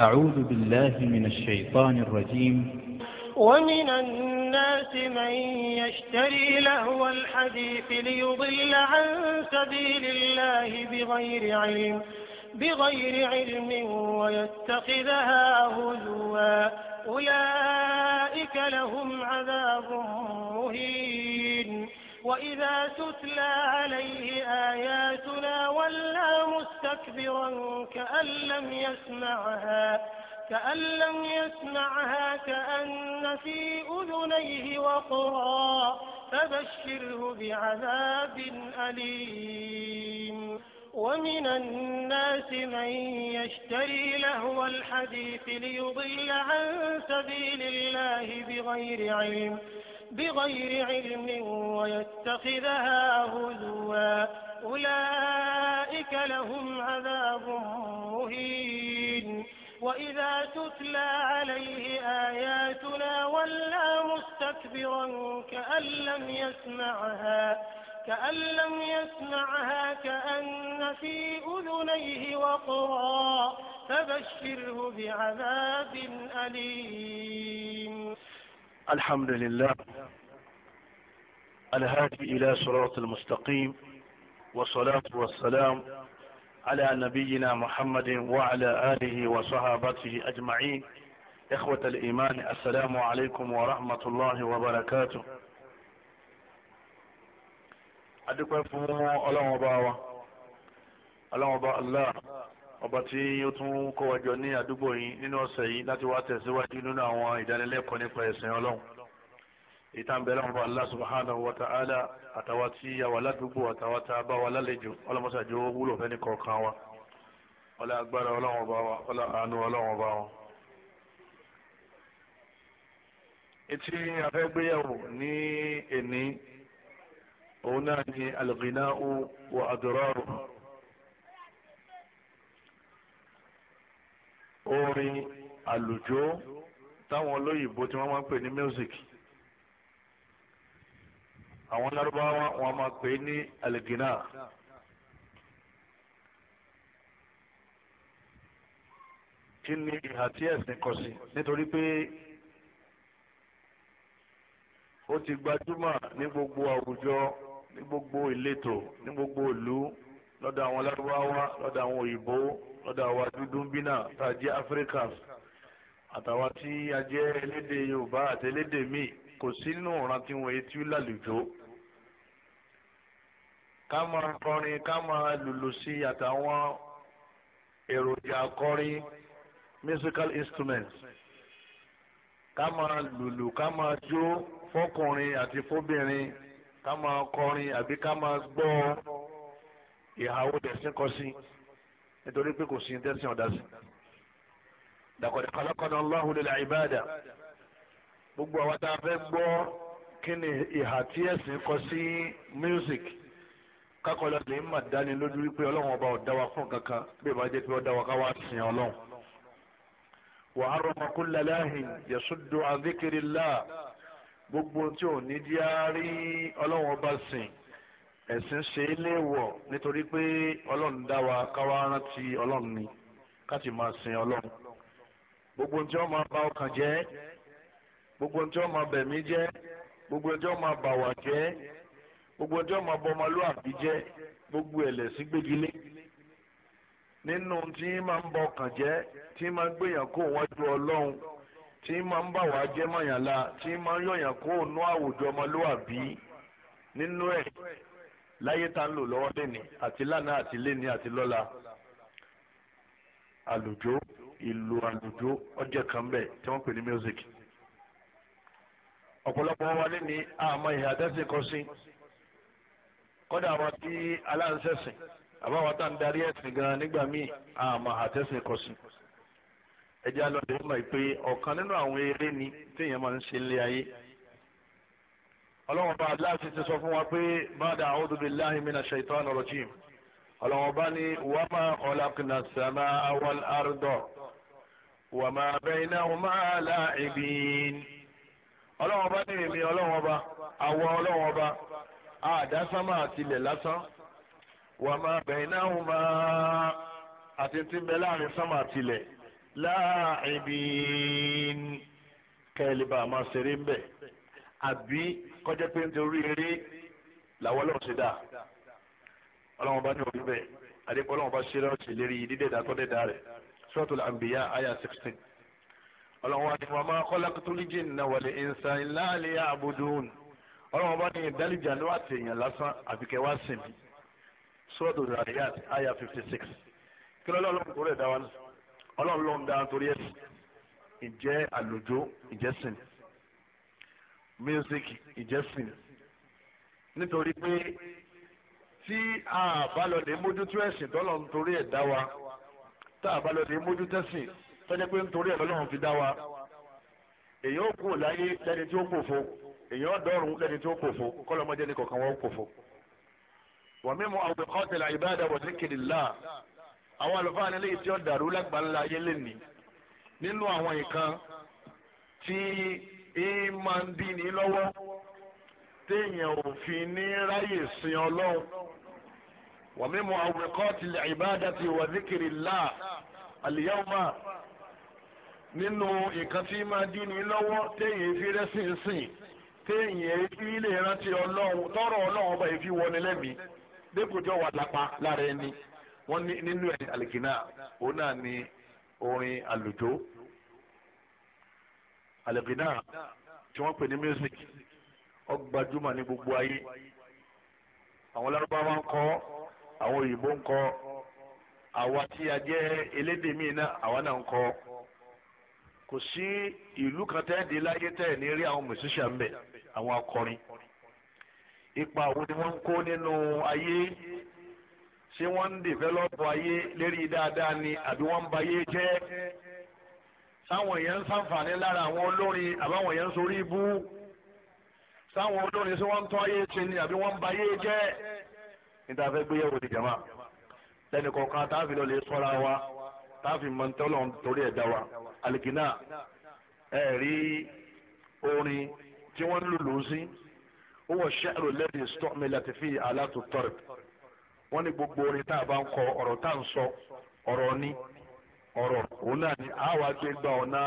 أعوذ بالله من الشيطان الرجيم ومن الناس من يشتري لهو الحديث ليضل عن سبيل الله بغير علم بغير علم ويتخذها هزوا أولئك لهم عذاب مهين وإذا تتلى عليه آياتنا ولى مستكبرا كأن لم يسمعها كأن لم يسمعها كأن في أذنيه وقرا فبشره بعذاب أليم ومن الناس من يشتري لهو الحديث ليضل عن سبيل الله بغير علم بغير علم ويتخذها هزوا أولئك لهم عذاب مهين وإذا تتلى عليه آياتنا ولى مستكبرا كأن لم يسمعها كأن لم يسمعها كأن في أذنيه وقرا فبشره بعذاب أليم الحمد لله الهادي إلى صراط المستقيم والصلاة والسلام على نبينا محمد وعلى آله وصحابته أجمعين إخوة الإيمان السلام عليكم ورحمة الله وبركاته أدكوا فمو ألا مباوة ألا مباوة الله ọba tí ó tún kó wa jọ ní àdúgbò yìí nínú ọ̀sẹ̀ yìí láti wá tẹ̀síwájú nínú àwọn ìdánilẹ́kọ̀ọ́ nípa ẹ̀sìn ọlọ́run ìtàǹbẹ̀rẹ̀ ọba Allah subhanahu wa ta'ala àtàwa tí a ládùúgbò àtàwa tá a bá wa lálejò ọlọ́mọṣàjò wúlò fẹ́ni kọ̀ọ̀kan wa ọlá agbára ọlọ́run ọba wa ọlá àánú ọlọ́run ọba wa. etí afẹ́gbéyàwó ní èní òun náà ni al-ghina'u wa adraruhu orin àlùjó táwọn olóyìnbó tí wọ́n máa ń pè ní music àwọn lárúbáwá wọn máa pè ní aligina kí ni ìhà tí ẹ̀sìn kọ sí nítorí pé ó ti gbajúmọ̀ ní gbogbo àwùjọ ní gbogbo ìletò ní gbogbo ìlú lọ́dọ̀ àwọn lárúbáwá lọ́dọ̀ àwọn òyìnbó lọ́dọ̀ àwa dúdú bí náà tá a jẹ́ áfíríkà àtàwọn tí a jẹ́ elédè yorùbá àti elédè míì kò sí nínú ọ̀ràn tí wọ́n etí lálùjọ ká máa kọrin ká máa lùlù sí àtàwọn èròjà akọrin musical instruments ká máa lùlù ká máa jó fọkùnrin àti fóbìnrin ká máa kọrin àbí ká máa gbọ́ ìhàwó dẹ̀sìn kọ nítorí pé kò sí tẹ́sán ọ̀dà sí. laqad khalaqana Allahu lil ibada gbogbo àwọn tá a fẹ́ gbọ́ kí ni ìhà tí ẹ̀sìn kọ sí music kákọ́lá lè má dání lójú wípé ọlọ́run ọba ọ̀dá wa fún kankan bí ìbá jẹ́ pé ọ̀dá wa ká wá sìn ọlọ́run. wa harrama kulla lahin yasuddu an dhikrillah gbogbo tí ò ní díárí ọlọ́run ọba sìn ẹ̀sìn ṣe é nitori nítorí pé ọlọ́run dá wa káwá rántí ọlọ́run ni máa sin ọlọ́run gbogbo tí wọ́n máa bà ọkàn gbogbo tí wọ́n máa bẹ̀mí jẹ́ gbogbo tí wọ́n máa bàwà jẹ́ gbogbo tí wọ́n máa bọmọlúàbí jẹ́ gbogbo ẹ̀lẹ́sìn gbégilé nínú tí máa ń ọkàn jẹ́ tí máa ń gbéyàn kó wájú ọlọ́run tí máa ń jẹ́ mọ̀yànlá tí máa ń yọ̀yàn kó nú àwùjọ láyé tá ń lò lọ́wọ́ lẹ́ni àti lánàá àti lẹ́ni àti lọ́la àlùjó ìlú àlùjó ọjọ́ kan bẹ̀ tí wọ́n pè ní music ọ̀pọ̀lọpọ̀ wa lẹ́ni àmọ́ ìhà tẹ́sí kọ́ sí kọ́dà àwọn tí aláǹsẹ̀sìn àbáwọn tá ń darí ẹ̀sìn gan nígbà míì àmọ́ àtẹ́sìn kọ́ sí ẹjẹ́ alọ́dẹ̀ mọ̀ pé ọ̀kan nínú àwọn eré ni téèyàn máa ń ṣe ilé ayé ọlọ́wọ́n bá aláàtì ti sọ fún wa pé bàdà a'udhu billahi mina shaitanir rajim ọlọ́wọ́n bá ní wa ma khalaqna as-samaa wal arda wa ma baynahuma la'ibin ọlọ́wọ́n bá ní èmi ọlọ́wọ́n bá àwọ̀ ọlọ́wọ́n bá àdásámà àtìlẹ̀ lásán wa ma baynahuma àti ti bẹ láàrin sámà àtìlẹ̀ la'ibin kẹ́lẹ́bà máa ṣeré ń bẹ̀ àbí kọjá pé nítorí eré làwọn ọlọ́run ṣe dá ọlọ́run bá ní òbí bẹ́ẹ̀ àdékọ́ ọlọ́run bá ṣe lọ́sẹ̀ lérí dídẹ̀dá tó dẹ̀dá rẹ̀ Suratul Anbiya àyà sixteen ọlọ́run wa ni wa ma khalaqtul jinna wal insa illa liya'budun ọlọ́run bá ní ìdálìjà ní wàá tèèyàn lásán àfikẹ́ sìn mí Suratul àyà fifty six kí lọ́lọ́run tó rẹ̀ dá wa ọlọ́run ló dá torí ẹ̀sìn ìjẹ́ àlùjọ ìjẹ́sìn music ìjẹ́sìn nítorí pé tí a bá lọ lè mójútó ẹ̀sìn tọ́lọ̀ nítorí ẹ̀ dá wa tá a bá lọ lè mójútó ẹ̀sìn tọ́jú pé nítorí ẹ̀ lọ́lọ́run fi dá wa èyàn ó kú láyé lẹ́ni tí ó kòfo èyàn ó dọ́rùn lẹ́ni tí ó kòfo kọ́lọ́mọdé ni kọ̀ọ̀kan wọn ó kòfo. wọ́n mímu àwọn kọ́tẹ̀lá ìbáàdà wọ̀ ní kìrìlá àwọn àlùfáà nílé tí ó dàrú lágbàá ńlá ayé lẹ́nìí nínú àwọn nǹkan tí ìmàndínì lọ́wọ́ téèyàn ò fi ní ráyè sin ọlọ́run wa min mu'awwiqati al-ibadati wa dhikrillah al-yawma nínú nǹkan tí máa dínì lọ́wọ́ téèyàn fi rẹ́sìn sìn téèyàn fi lè rántí ọlọ́run tọrọ ọlọ́run ọba ìfi wọni lẹ́mìí dẹ́kùjọ́ wà lápá lára ẹni wọ́n ní nínú ẹ̀ àlìkìnnà òun náà ní orin àlùjó àlẹ́gìnà tí wọ́n pè ní music ó gbajúmọ̀ ní gbogbo ayé àwọn lárúbáwá ń kọ àwọn òyìnbó ń kọ àwa tí a jẹ́ elédè míì náà àwa náà ń kọ kò sí ìlú kan tẹ́ẹ̀dé láyé tẹ́ẹ̀ ní rí àwọn musician ń bẹ àwọn akọrin ipa àwọn ni wọ́n ń kó nínú ayé ṣé wọ́n ń dèvẹ́lọ́pù ayé lérí dáadáa ni àbí wọ́n ń ba ayé jẹ́ sáwọn èèyàn ń sàǹfààní lára àwọn olórin àbáwọn èèyàn ń sorí ibú sáwọn olórin tí wọ́n ń tọ́ ayé ṣe ni àbí wọ́n ń ba ayé jẹ́ níta fẹ́ gbé yẹ̀wò ìjàmà lẹ́nu kọ̀ọ̀kan táàfin lọ lè sọ́ra wa táàfin mọ̀ tọ́lọ̀ torí ẹ̀dá wa alìkínà ẹ̀ rí orin tí wọ́n lùlù sí ó wọ̀ ṣẹ́rù lẹ́dí stọ́ọ̀mì láti fi àlàtò tọ́rẹ̀ wọ́n ní gbogbo orin tá bá ń kọ ọ̀rọ̀ tá ń sọ ọ̀rọ̀ ni ọ̀rọ̀ òun náà ni a wá gbé gba ọ̀nà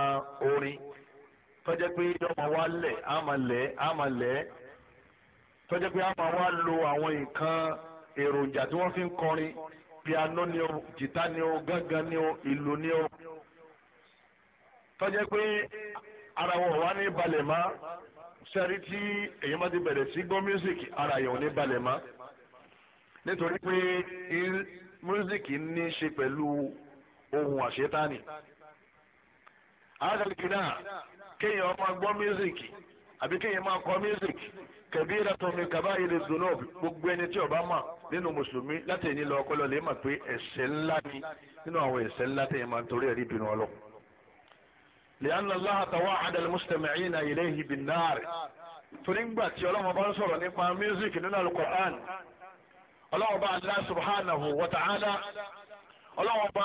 orin tọ́jẹ́ pé ọmọ wa lẹ̀ pé lo àwọn nǹkan èròjà tí wọ́n fi ń kọrin piano ni o jìtá ni o gángan ni o ìlú ni o tọ́jẹ́ pé ara wọn wá ní balẹ̀ mọ́ sẹ́rí tí èyí máa ti bẹ̀rẹ̀ sí gbọ́ ohun àṣetáni àgàlìkì náà kéèyàn ọmọ gbọ́ mísíkì àbí kéèyàn máa kọ mísíkì kẹbí ìdàtọ̀mí kaba ìlẹ̀ dùnú gbogbo ẹni tí ó bá mà nínú mùsùlùmí láti ẹni lọ ọpọlọ lè mà pé ẹ̀ṣẹ̀ ńlá ni nínú àwọn ẹ̀ṣẹ̀ ńlá tẹ̀yìn máa ń torí ẹ̀rí bínú ọlọ́ لأن الله توعد المستمعين إليه بالنار torígbà tí ọlọ́run bá ń sọ̀rọ̀ nípa mísíkì nínú alukur'an ọlọ́run bá ọlọ́wọ́n bá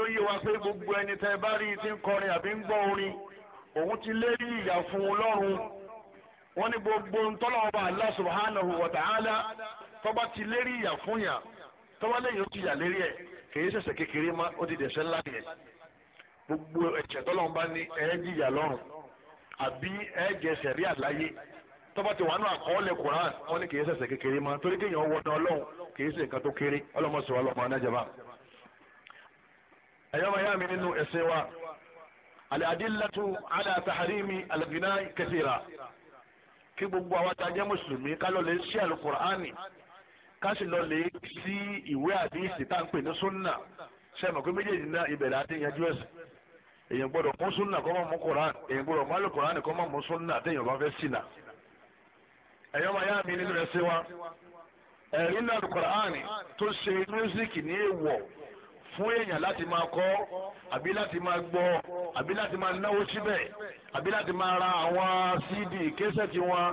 oyi yé wa pé gbogbo ẹni tẹ́ bá rí ti ń kọrin àbí ń gbọ́ orin òun ti lé rí ìyà fún un lọ́rùn gbogbo ntọ́lọ́wọ́n bá Allah subhanahu wa ta'ala tọ́ba ti lé rí ìyà fún yà tọ́ba lẹ́yìn ti yà lérí ẹ̀ kìí ṣẹ̀ṣẹ̀ kékeré má ti dẹ̀ṣẹ̀ ńlá yẹn gbogbo ẹ̀ṣẹ̀ tọ́lọ́wọ́n bá ní lọ́rùn àbí àláyé tọ́ba ti wàánu àkọọ́lẹ̀ kékeré má torí kéèyàn ẹ̀yọ́ máa yá mi nínú ẹ̀sìn wa al-adillatu ala tahrimi al-ghina kathira kí gbogbo àwọn tajẹ́ mùsùlùmí ká lọ lè ṣí àlùkùránì ká sì lọ lè sí ìwé àdìsí tá à ń pè ní sunna sẹ́mi pé méjèèjì náà ìbẹ̀rẹ̀ àti ìyanjú ẹ̀sìn èyàn gbọ́dọ̀ mú sunna kọ́ mọ́ mú koran èyàn gbọ́dọ̀ mú alukoran kọ́ mọ́ mú sunna téèyàn bá fẹ́ ṣìnà ẹ̀yọ́ máa yá mi nínú ẹ̀sìn wa ẹ̀rí náà alukoran tó ṣe mísíkì ní èèwọ̀ fún èèyàn láti máa kọ́ àbí láti máa gbọ́ àbí láti máa náwó síbẹ̀ àbí láti máa ra àwọn cd késẹ̀tì wọn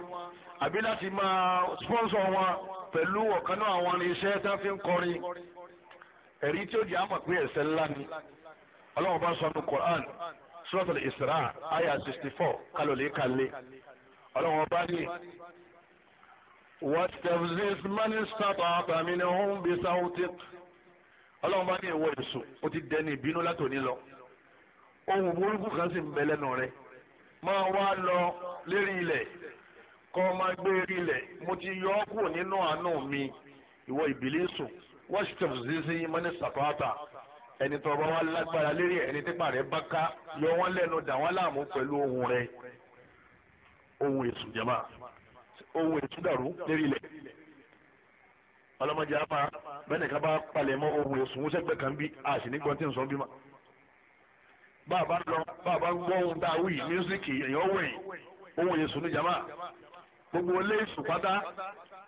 àbí láti máa sponsor wọn pẹ̀lú ọ̀kan náà àwọn irinṣẹ́ tá a fi ń kọrin ẹ̀rí tí ó di àmọ̀ pé ẹ̀ṣẹ̀ ńlá ni ọlọ́run bá sọ ní Qur'an suratul Isra aya sixty four kálọ̀lẹ́ kálẹ̀ ọlọ́run bá ní. واستفزز من استطعت منهم بصوتك ọlọ́run bá ní ìwọ èso ó ti dẹni ìbínú látòní lọ ohun burúkú kan sì ń bẹ lẹ́nu rẹ máa wá lọ lérí ilẹ̀ kọ́ máa gbé rí ilẹ̀ mo ti yọ ọ́ kúrò nínú àánú mi ìwọ ìbílísù washington zizi mani sapata ẹni tó bá wà lágbára lérí ẹni típa rẹ bá ká yọ wọn lẹ́nu dà wọn láàmú pẹ̀lú ohun rẹ ohun èso jẹma ohun èso dàrú lérí ilẹ̀ ọlọ́mọdé afa bẹ́ẹ̀ni ká bá palẹ̀ mọ́ ohun èsùn sẹ́gbẹ̀ẹ́ kan bí a sì ní gbọ́n tí ń sọ bí ma. bàbá lọ bàbá gbọ́ ohun tá a wí mísíkì èèyàn wẹ̀yìn ohun èsùn ní jama gbogbo ilé ìsùn pátá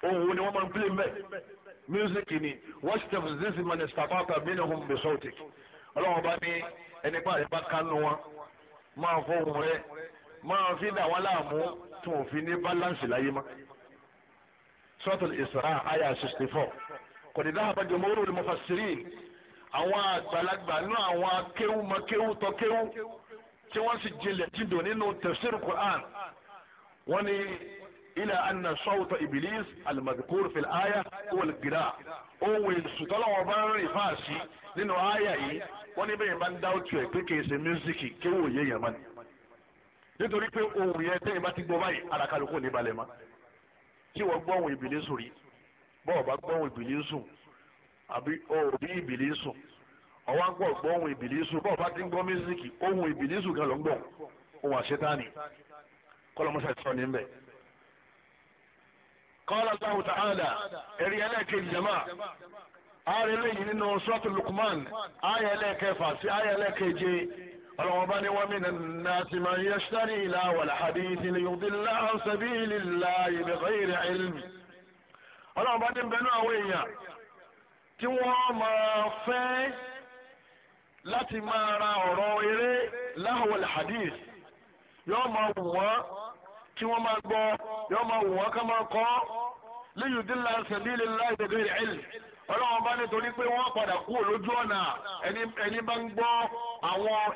ohun ni wọ́n máa ń pílé mbẹ́ mísíkì ni wọ́n ti tẹ̀fù sí sinmi ní sàpáàtà mí lẹ́hùn bẹ̀sọ̀tì ọlọ́wọ́n bá ní ẹni pa àyè bá kánú wọn máa fọ ohun rẹ máa fi dà wọn láàmú tí fi ní báláǹsì láyé máa suratul isra aya sixty four kòtí dáhàbà jumhurul mufassirin àwọn àgbàlagbà nú àwọn akéwù makéwù tọkéwù tí wọ́n sì jinlẹ̀ jìndò nínú tafsir quran wọ́n ní ila anna sawta iblis almadhkur fil aya wal gira ohun ìsùtọ́lọ́wọ́ bá ń rìn fáàsì nínú aya yìí wọ́n ní bẹ́ẹ̀ bá ń dá òtù ẹ̀ pé kì í ṣe mísíkì kéwù òye yẹn mọ́ni nítorí pé ohun yẹn tẹ́yìn bá ti gbọ́ báyìí alákàlùkù ní balẹ̀ mọ́ tí wọ́n gbọ́hùn ìbílísù rí bọ́ọ̀ bá gbọ́hùn ìbílísù àbí òbí ìbílísù ọ̀wá gbọ́ gbọ́hùn ìbílísù bọ́ọ̀ bá ti ń gbọ́ mísíkì ohun ìbílísù kan ló ń gbọ́ ohun àṣetáni kọ́lọ́mọṣà ti sọ ní bẹ́ẹ̀. qala Allahu ta'ala ẹ̀rí ẹlẹ́ẹ̀kejì jama ààrẹ lẹ́yìn nínú suratul Luqman ààyè ẹlẹ́ẹ̀kẹfà sí ààyè ẹlẹ́ẹ̀keje ọlọ́wọ́n ومن الناس من يشتري لا sì máa عن سبيل الله بغير علم lè yọ̀dí láhùn sẹ́bí ìlà ìbẹ̀kọ́ ìrẹ̀ ẹ̀lmì. ọlọ́wọ́n bá ní bẹnu àwọn èèyàn tí wọ́n máa fẹ́ láti máa ra ọ̀rọ̀ eré láhùn wàlá hadith yóò máa wù wọ́n kí wọ́n máa gbọ́ yóò máa wù wọ́n ká máa kọ́ lè yọ̀dí láhùn sẹ́bí ìlà ìbẹ̀kọ́ ìrẹ̀ bá ní pé wọ́n padà kú lójú ọ̀nà ẹni bá ń gbọ́ àwọn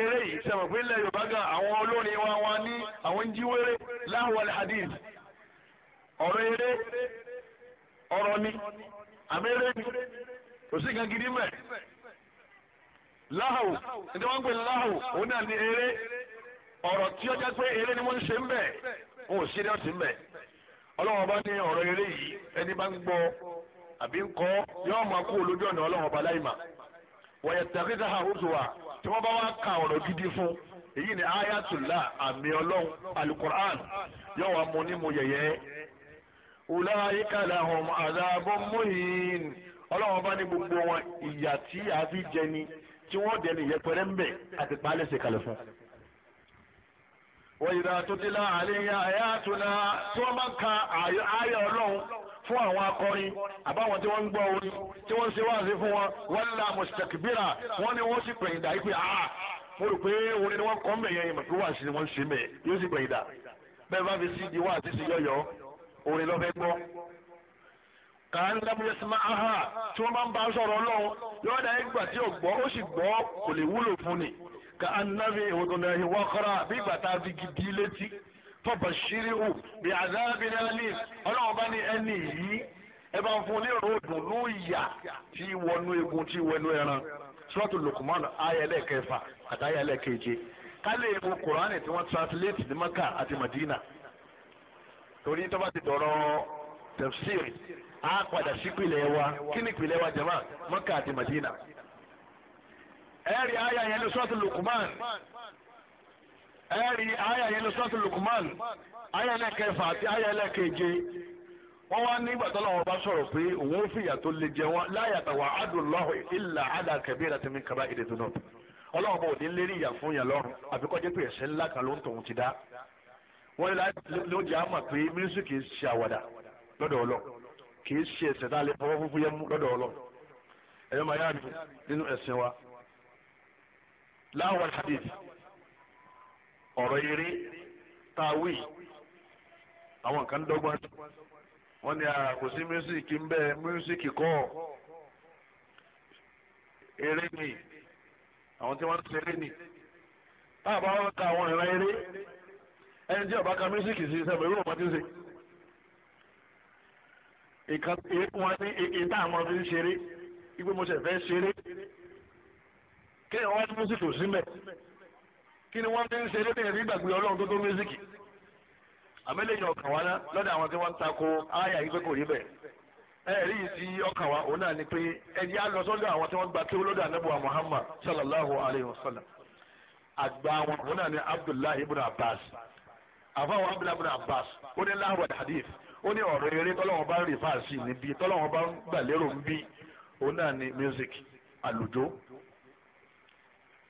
eré yìí sẹ́wọ̀n pé ilẹ̀ yorùbá gan àwọn olórin wa wọn ní àwọn jíwèrè láwọn hadith ọ̀rọ̀ eré ọ̀rọ̀ ni àmẹ́rẹ́ ni kò sí nǹkan gidi mẹ́ láhàwù ẹni wọ́n ń pè láhàwù òun náà ní eré ọ̀rọ̀ tí ó jẹ́ pé eré ni wọ́n ń ṣe ń bẹ̀ wọn ò ṣeré ọ̀sìn bẹ̀ ọlọ́wọ́n bá ní ọ̀rọ̀ eré yìí ẹni bá ń gbọ́ àbí ń kọ́ yọ́ọ́ máa kú olójú ọ̀nà ọlọ́wọ́n bá láì mà wọ̀nyẹ̀ tàbí dáhà ó tó tí wọ́n bá wá ka ọ̀rọ̀ gidi fún èyí ni ayatollah àmì ọlọ́run alukur'an yóò wá mu ní mu yẹ̀yẹ́ ulaika lahum azabun muhin ọlọ́run bá ní gbogbo wọn ìyà tí a fi jẹ tí wọ́n dẹni yẹpẹrẹ ń bẹ̀ àti pálẹ̀ ṣe kalẹ̀ fún un wọ́yìnbá tó dé lá àléyá ẹ̀yà àtúná tí wọ́n bá ń ka ayọ̀ ọlọ́run fún àwọn akọrin àbáwọn tí wọ́n ń gbọ́ orin tí wọ́n ń ṣe wáàsí fún wọn wọ́n la mustakbira wọ́n ní wọ́n sì pẹ̀yìndà yìí pé ah mo rò pé orin ni wọ́n kọ́ mẹ̀yẹ yẹn mọ̀tò wáàsí ni wọ́n ń ṣe mẹ̀ yóò sì pẹ̀yìndà bẹ́ẹ̀ bá fi sí di wáàsí sí yọ̀yọ̀ orin lọ́fẹ́ gbọ́ kàn lábúyẹ sí máa hà tí wọ́n bá ń bá sọ̀rọ̀ ọlọ́run yọ̀ọ́dà ẹgbà tí ò gbọ́ ó sì gbọ́ kò lè wúlò fún ni ka anabi ìwòtòlẹ́yìn wọ́kọ́rọ́ bí bàtà fi gidi létí tọ́bà ṣíríhù bí àdáàbìnrin alim ọlọ́run bá ní ẹni yìí ẹ bá fún ní ròdùn ló yà tí wọnú egun tí wọnú ẹran sọ́ọ̀tù lukumanu ayẹlẹ́ kẹfà àti ayẹlẹ́ keje kálí ewu kuraani tí wọ́n translate ní maka àti madina torí tọ́ba ti dọ̀rọ̀ tafsir á padà sípìlẹ̀ wa kí ni ìpìlẹ̀ wa jama maka àti madina ẹ̀rí àyà yẹn ló sọ́ọ̀tù Luqman ẹ̀rí àyà yẹn ló sọ́ọ̀tù Luqman àyà ẹlẹ́kẹfà àti àyà ẹlẹ́keje wọ́n wá nígbà tó lọ́wọ́ bá sọ̀rọ̀ pé òun ó fìyà tó le jẹ wọn la yatawa'adu Allahu illa 'ala kabiratin min kaba'iri dhunub ọlọ́wọ́ bá òní lérí ìyà fún yà lọ́rùn àfikọ́ pé ẹ̀ṣẹ̀ ńlá kan ló ń tòun ti dá wọ́n ní ló àmà pé mínísù kì í ṣe àwàdà lọ́dọ̀ ọlọ́ kì í ṣe ẹ̀ṣẹ̀ tá a lè fọwọ́ fúnfún yẹn mú lọ́dọ̀ ọlọ́ ẹ̀yọ́ máa yára nínú ẹ̀sìn wa láwọn hadith ọ̀rọ̀ eré táwí àwọn kan dọ́gbọ́n wọ́n ní kò sí mísíkì ń bẹ mísíkì kọ́ eré ni àwọn tí wọ́n ń ṣeré ni táà bá wọn ka àwọn ìran eré ẹni tí ọba ka mísíkì sí sẹ́mi irú ọba ti ṣe ìkan èékún ní ìta àwọn fi ń ṣeré ìgbé mo ṣe fẹ́ ṣeré kéèyàn wá tó mísìkì ò sí mẹ́ kí ni wọ́n fi ń ṣe lóbìnrin fi gbàgbé ọlọ́run tó tó mísìkì àmẹ́lẹ́yìn ọkàn wa ná lọ́dọ̀ àwọn tí wọ́n ń tako ááyà yìí pé kò rí bẹ́ẹ̀ ẹ̀rí ti ọkàn wa òun náà ni pé ẹni á lọ sọ́dọ̀ àwọn tí wọ́n gba kí olódò anábùwà Muhammad sallallahu alayhi wa sallam àgbà wọn òun náà ni Abdullahi ibn Abbas àfọwọ́ Abdullahi ibn Abbas ó ní láhùn hadith ó ní ọ̀rọ̀ eré tọ́lọ́wọ́n bá ń rìn fáàsì níbí tọ́lọ́wọ́n bá ń gbàlérò níbí òun náà ni music àlùjọ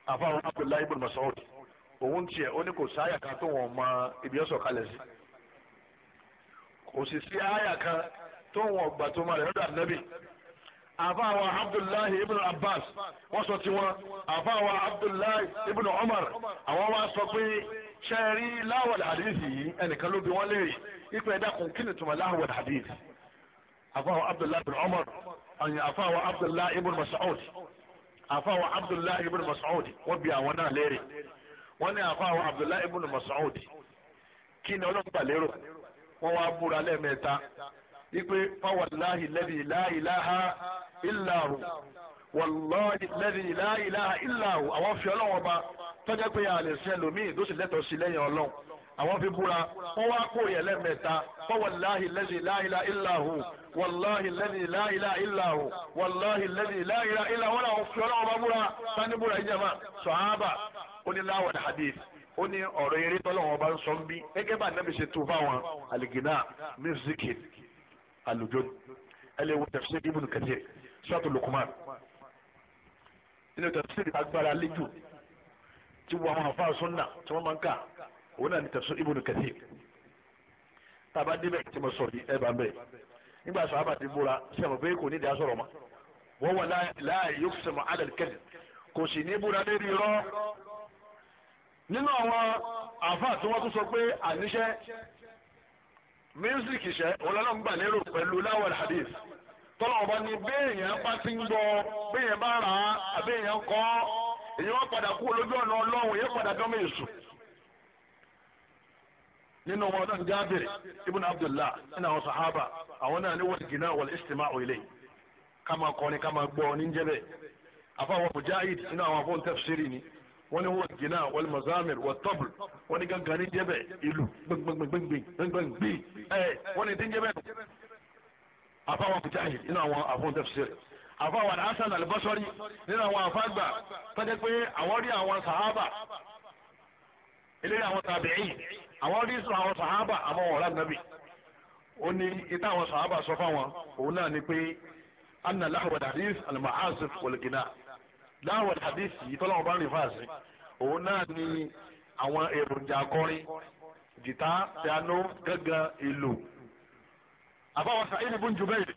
àfáwọn abdullahi ibn masoud òun tiẹ̀ ó ní kò sí àyà kan tó wọ́n mọ ibi ọ̀sọ̀ kalẹ̀ sí kò sì sí àyà kan tó wọ́n gbà tó mọ rẹ̀ lọ́dọ̀ ànábì àfáwọn abdullahi ibn abbas wọ́n sọ tiwọn àfáwọn abdullahi ibn umar àwọn wá sọ pé ṣẹ́ẹ̀rí láwọ̀lẹ̀ àdìsí yìí ẹnìkan ló bi wọ́n léèrè ipò ẹ̀dá kún kí tuma láwọ̀lẹ̀ àdìsí àfáwọn abdullahi ibn umar àyìn àfáwọn abdullahi ibn masoud àfàwọ̀ abdullahi ibn masoud wọ́n bi àwọn náà léèrè wọ́n ní àfàwọ̀ abdullahi ibn masoud kí ni ọlọ́run gbà lérò wọ́n wá búra lẹ́ẹ̀mẹ́ta wípé fáwọláhi lẹ́bi láìláha ìlàhù wàlọ́ọ̀dì lẹ́bi láìláha ìlàhù àwọn fi ọlọ́run tọ́jà pé àlè sẹ́lòmíì tó sí lẹ́yìn ọlọ́run àwọn fi búra wọn wá kórè ẹlẹ́mẹ̀ta wọn wàláhi lẹ́ni láìla ìlàhù wàláhi lẹ́ni láìla ìlàhù wàláhi lẹ́ni láìla ìlàhù wọn làwọn fi ọlọ́wọ́ bá búra sani búra yìí jama sọ̀hábà oníláwọ̀ ní hadith ó ní ọ̀rọ̀ eré tọ́lọ́wọ́ bá ń sọ ń bí gẹ́gẹ́ bá nàbì ṣe tu fáwọn aligina mísíkì àlùjọ ẹlẹ́wọ̀n tafsir ibùn kathir sọ́ọ̀tù lukuman nínú tafsir agbára lẹ́jù tí wọ́n àwọn àfa òun náà ni tafsir Ibn Kathir tàbá débẹ̀ tí mo sọ yìí ẹ bá ń bẹ̀ nígbà sọ abàtì búra sẹ́mu pé kò ní ìdí asọ̀rọ̀ mọ́ wọ́n wà láàyè yóò sẹ́mu alẹ́ kẹ́lẹ̀ kò sì ní búra lérí rọ́ nínú àwọn àfáà tí wọ́n tún sọ pé àníṣe mísíkì ṣe ọlọ́run gbà lérò pẹ̀lú láwọn hadith tọ́lá ọba ni béèyàn bá ti ń gbọ́ béèyàn bá rà á àbẹ́yàn kọ́ èyí wọ́n padà kú olójú ọ̀nà ọlọ́run yẹn padà dánmọ̀ èṣù nínú wọn náà jábìrì ibùn abdullah nínú àwọn sahaba àwọn náà ní wọ́n gina wọ́n ìsìtìmá òyìnlẹ̀ kama kọrin kama gbọ́ ní jẹ́bẹ̀ afáwọn mujahid nínú àwọn afọ́n tafsiri ni wọ́n ní wọ́n gina wọ́n mazamir wọ́n tọ́bùl wọ́n ní gangan ní jẹ́bẹ̀ ìlú gbẹ̀ngbẹ̀ngbẹ̀ngbẹ̀ ẹ̀ wọ́n ní díjẹ́bẹ̀ afáwọn mujahid nínú àwọn afọ́n tafsiri afáwọn hasan albasori nínú àwọn afágbà tọ́jú pé àwọn rí àwọn sahaba eléyìí àwọn tàbíyìn àwọn rí sọ àwọn sàhábà àmọ́ ọ̀rá nàbì ó ní ìta àwọn sàhábà sọ fáwọn òun náà ni pé anna lahwal hadith al-ma'asif wal ghina lahwal hadith yìí tọ́lọ́wọ́n bá rìn fáàsì òun náà ni àwọn èròjà akọrin jìtá piano gángan ìlú àbáwọn Sa'id ibn Jubayr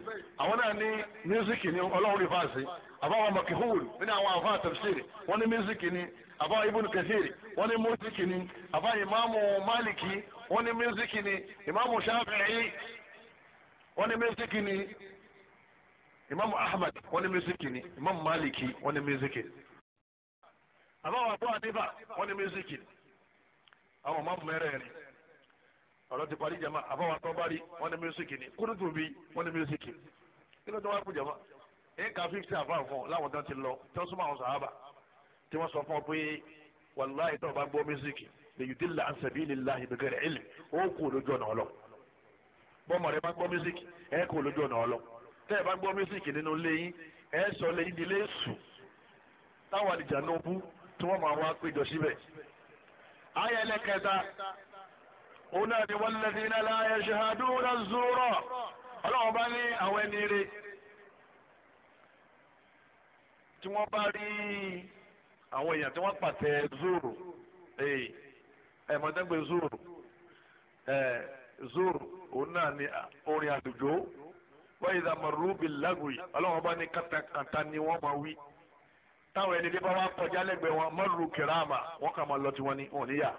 àwọn náà ní mísíkì ní ọlọ́run rìn fáàsì àbáwọn makihul nínú àwọn àfa tafsiri wọ́n ní mísíkì ni àbáwọn ibùn kathiri wọ́n ní mísíkì ni àbáwọn ìmáàmù máàlìkì wọ́n ní mísíkì ni ìmáàmù shafi'i wọ́n ní mísíkì ni ìmáàmù ahmad wọ́n ní mísíkì ni ìmáàmù máàlìkì wọ́n ní mísíkì ni àbáwọn àbúrò àdébà wọ́n ní mísíkì ni àwọn ọmọ mẹ́rẹ̀ẹ̀rin ọ̀rọ̀ ti parí jama àbáwọn àtọ́bárí wọ́n ní mísíkì ni kúrútùbí wọ́n ní mísíkì ni kí ló tó wá kú jama nǹkan fífi àfa fún láwọn tó ti lọ tí wọ́n súnmọ́ àwọn sàhábà tí wọ́n sọ fún ọ pé wàláhì tó o bá gbọ́ mísíkì lè yùdí là ń sẹ̀bí lè láhì bí gẹ̀rẹ̀ ìlì ó kú lójú ọ̀nà ọlọ. bọ́mọ rẹ bá gbọ́ mísíkì ẹ kú lójú ọ̀nà ọlọ. tẹ́ ẹ bá gbọ́ mísíkì nínú ilé yín sọ lẹ́yìn di ilé sù táwọn àdìjà náà bú tí wọ́n máa wá péjọ síbẹ̀. ayé ẹlẹ́kẹta òun ni wọ́n lẹ́sìn náà láyé ṣe tí wọ́n bá rí àwọn èèyàn tí wọ́n pàtẹ zoro eh, ẹ̀ẹ́dẹ́gbẹ̀ zoro eh, zoro òun náà ni orin àdùjọ wọ́n ìdá mọ̀rúbì lágùyì ọlọ́wọ́n bá ní kàtàkàtà ni wọ́n máa wí táwọn ẹni bá wá kọjá lẹ́gbẹ̀ẹ́ wọn mọ́rù kìráàmà wọ́n kà máa lọ tiwọn ní wọn níyà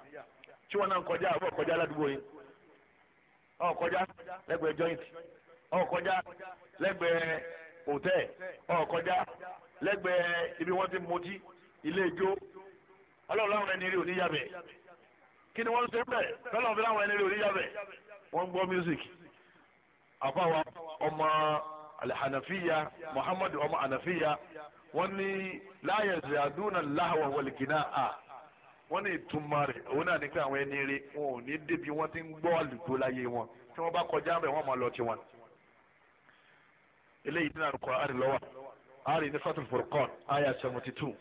tí wọ́n náà kọjá àbọ̀ kọjá ládùúgbò yìí ọ̀ kọjá lẹ́gbẹ̀ẹ́ joint ọ̀ kọjá lẹ́gbẹ̀ẹ́ hòtẹ́ẹ̀ ọ̀ kọjá lẹ́gbẹ̀ẹ́ ibi wọ́n ti mutí ilé ijó ọlọ́run láwọn ẹni rí oníyàbẹ̀ kí ni wọ́n ṣe bẹ́ẹ̀ lọ́lọ́run fi láwọn ẹni rí oníyàbẹ̀ wọ́n ń music àfàwọn ọmọ alhanafiya muhammad ọmọ hanafiya wọ́n ní láyé zàdúnà láhàwà wọ̀lìkìnà à wọ́n ní ìtumọ̀ rẹ̀ òun náà ní pé àwọn ẹni rí wọn ò ní débi wọ́n ti ń gbọ́ àlùkò láyé wọn tí wọ́n bá kọjá bẹ̀ wọ́n máa lọ tiwọn. eléyìí nínú àlùkò àrè ari ní sọ́tún furqan aya seventy two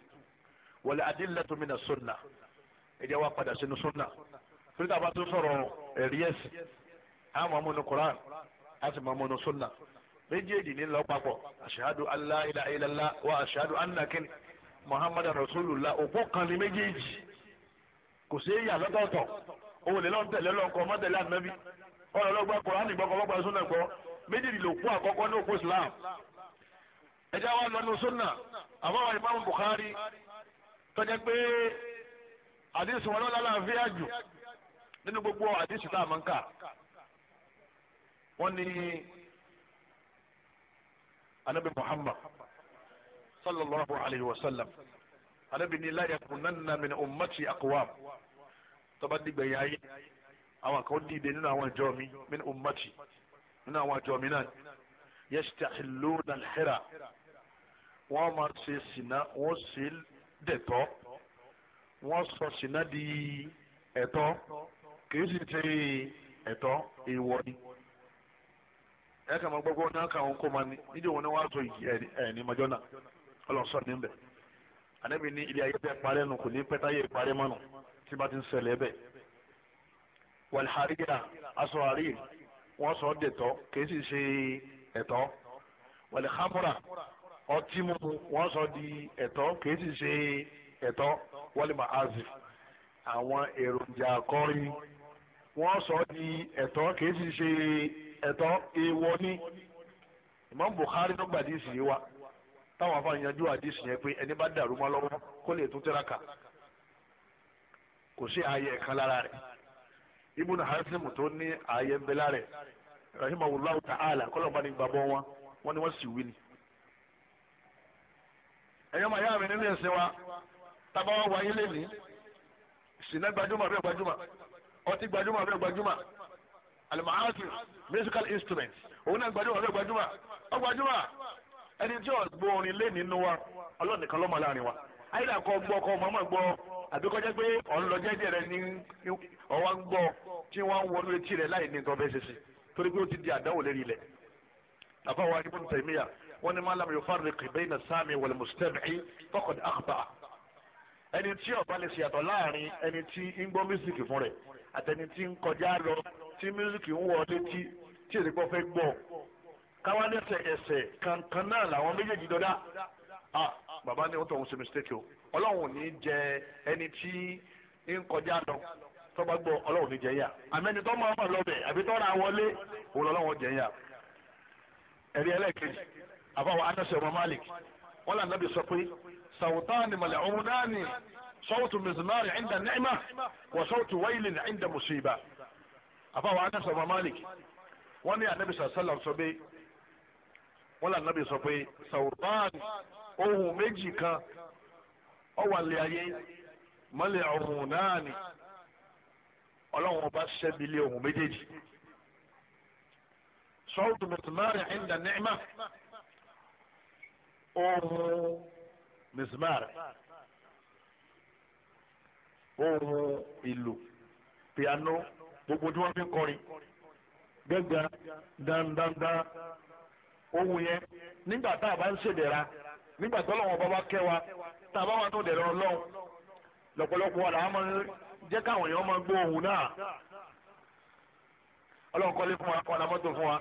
wal adillatu mina sunna ẹ̀jẹ̀ wa padà sínú sunna torí tá a bá tún sọ̀rọ̀ ẹ̀rí ẹ̀sìn a máa múnú quran a sì máa múnú sunna méjèèjì ní lọ papọ̀ ashhadu an la ilaha illallah wa ashhadu anna kin rasulullah òpó kan ní méjèèjì kò sí èyí àlọ́tọ̀ọ̀tọ̀ òun lè lọ́n tẹ̀lé lọ́nkọ ọmọ tẹ̀lé ànábì ọ̀rọ̀ lọ́gbà quran gbọ́ kọ́ lọ́gbà sunna gbọ́ méjèèjì lòpó àkọ́kọ́ ní òpó islam ẹjẹ wa lọ ní sunna àbáwá imaamu Bukhari tọjá pé àdìsí wọn lọ́la láàfíà jù nínú gbogbo àdìsí tá a máa ń kà wọ́n ní anabi Muhammad sallallahu alayhi wa sallam anabi ni la yakunanna min ummati aqwam tọba dìgbà yáyé àwọn kan dìde nínú àwọn ìjọ mi min ummati nínú àwọn ìjọ mi náà yastahilluna al-hira wọ́n máa ṣe sìnà wọ́n ṣe dẹ̀tọ́ wọ́n sọ sìnà di ẹ̀tọ́ kì í sì ṣe ẹ̀tọ́ èèwọ̀ ni ẹ kà máa gbọ́gbọ́ ní àkàwọn kó máa ní nídìí òun ni wọ́n á sọ ẹ̀ẹ́nì mọ́jọ́ náà ọlọ́sọ̀ níbẹ̀ anabi ní ilé ayé bẹ parẹ́ nù kò ní pẹ́tà yẹ parẹ́ mọ́nù tí bá ti ń ṣẹlẹ̀ bẹ́ẹ̀ wàlhàríyà aṣọ àríyìn wọ́n sọ ọ́ dẹ̀tọ́ ṣe ẹ̀tọ́ wọlé hamura ọtí mu wọ́n sọ di ẹ̀tọ́ kìí sì ṣe ẹ̀tọ́ wọlé maazi àwọn èròjà kọrin wọ́n sọ di ẹ̀tọ́ kìí sì ṣe ẹ̀tọ́ èèwọ̀ ni Imam Bukhari ló gbàdí ìsìn wa táwọn afáàní yanjú àdìsí yẹn pé ẹni bá dàrú mọ́ lọ́wọ́ kó lè tún tẹ́ràkà kò sí ààyè ẹ̀kan lára rẹ̀ Ibn Hazm tó ní ààyè ń bẹ lára rẹ̀ rahimahullahu ta'ala ala bá ní gbàgbọ́ wọn wọ́n ní wọ́n sì wí ni. ẹ̀yọ́ màá yá mi nínú ẹ̀sìn wa tábà wá wáyé lẹ́ni gbajuma gbajúmọ̀ gbajuma, gbajúmọ̀ ọtí gbajúmọ̀ gbajuma, gbajúmọ̀ alimahaati musical instrument òun náà gbajúmọ̀ bẹ́ẹ̀ gbajúmọ̀ ọ gbajúmọ̀ ẹni tí ò gbóorin lé nínú wa ọlọ nìkan láàrin wa gbọ, ní tí torí pé ó ti di àdánwò lérí ilẹ̀ bàbá wa Ibn Taymiyyah wọ́n ní malam yufarriq bayna sami wal mustami' faqad akhta ẹni tí ó bá lè ṣèyàtọ̀ láàrin ẹni tí ń gbọ́ mísíkì fún rẹ̀ àtẹni tí ń kọjá lọ tí mísíkì ń wọ létí tí èdè gbọ́ fẹ́ gbọ́ káwá ní ẹsẹ̀ ẹsẹ̀ kankan náà làwọn méjèèjì dọ́dá ah bàbá ní wọ́n tó ń ṣe mistake o ọlọ́run ò ní jẹ ẹni tí ń kọjá lọ tọ́ba gbọ́ ọlọ́run ní jẹ́yà àmẹ́ni tó máa ń lọ bẹ̀ àbí tó ra wọlé òun ọlọ́run jẹ́yà ẹ̀rí ẹlẹ́ẹ̀kejì àbáwọ̀ Anas ọmọ Malik wọn là nàbì sọ pé sawtani mọ̀lẹ́ ọ̀húndáni sawtu mizmari inda ni'ma wa sawtu waylin inda musiba àbáwọ̀ Anas ọmọ Malik wọn ní ànábì sàlám sọ pé wọn là nàbì ọlọ́run ọba ṣẹ́bi lé ohun méjèèjì sọ́ọ̀tù mùsùlùmárì ẹ̀ńdà nẹ́ẹ̀mà ohun mùsùlùmárì ohun ìlú piano gbogbo tí wọ́n fi ń kọrin gẹ́gẹ́ dandandan ohun yẹn nígbà tá a bá ń ṣèdẹ̀ra nígbà tí ọlọ́run ọba bá kẹ́ wa tá a bá wà tó dẹ̀ra ọlọ́run lọ́pọ̀lọpọ̀ wà láwọn máa ń rí jẹ́ káwọn èèyàn máa gbọ́ ohùn náà ọlọ́run kọ́lé fún wa kọ́ ọ̀nà mọ́tò fún wa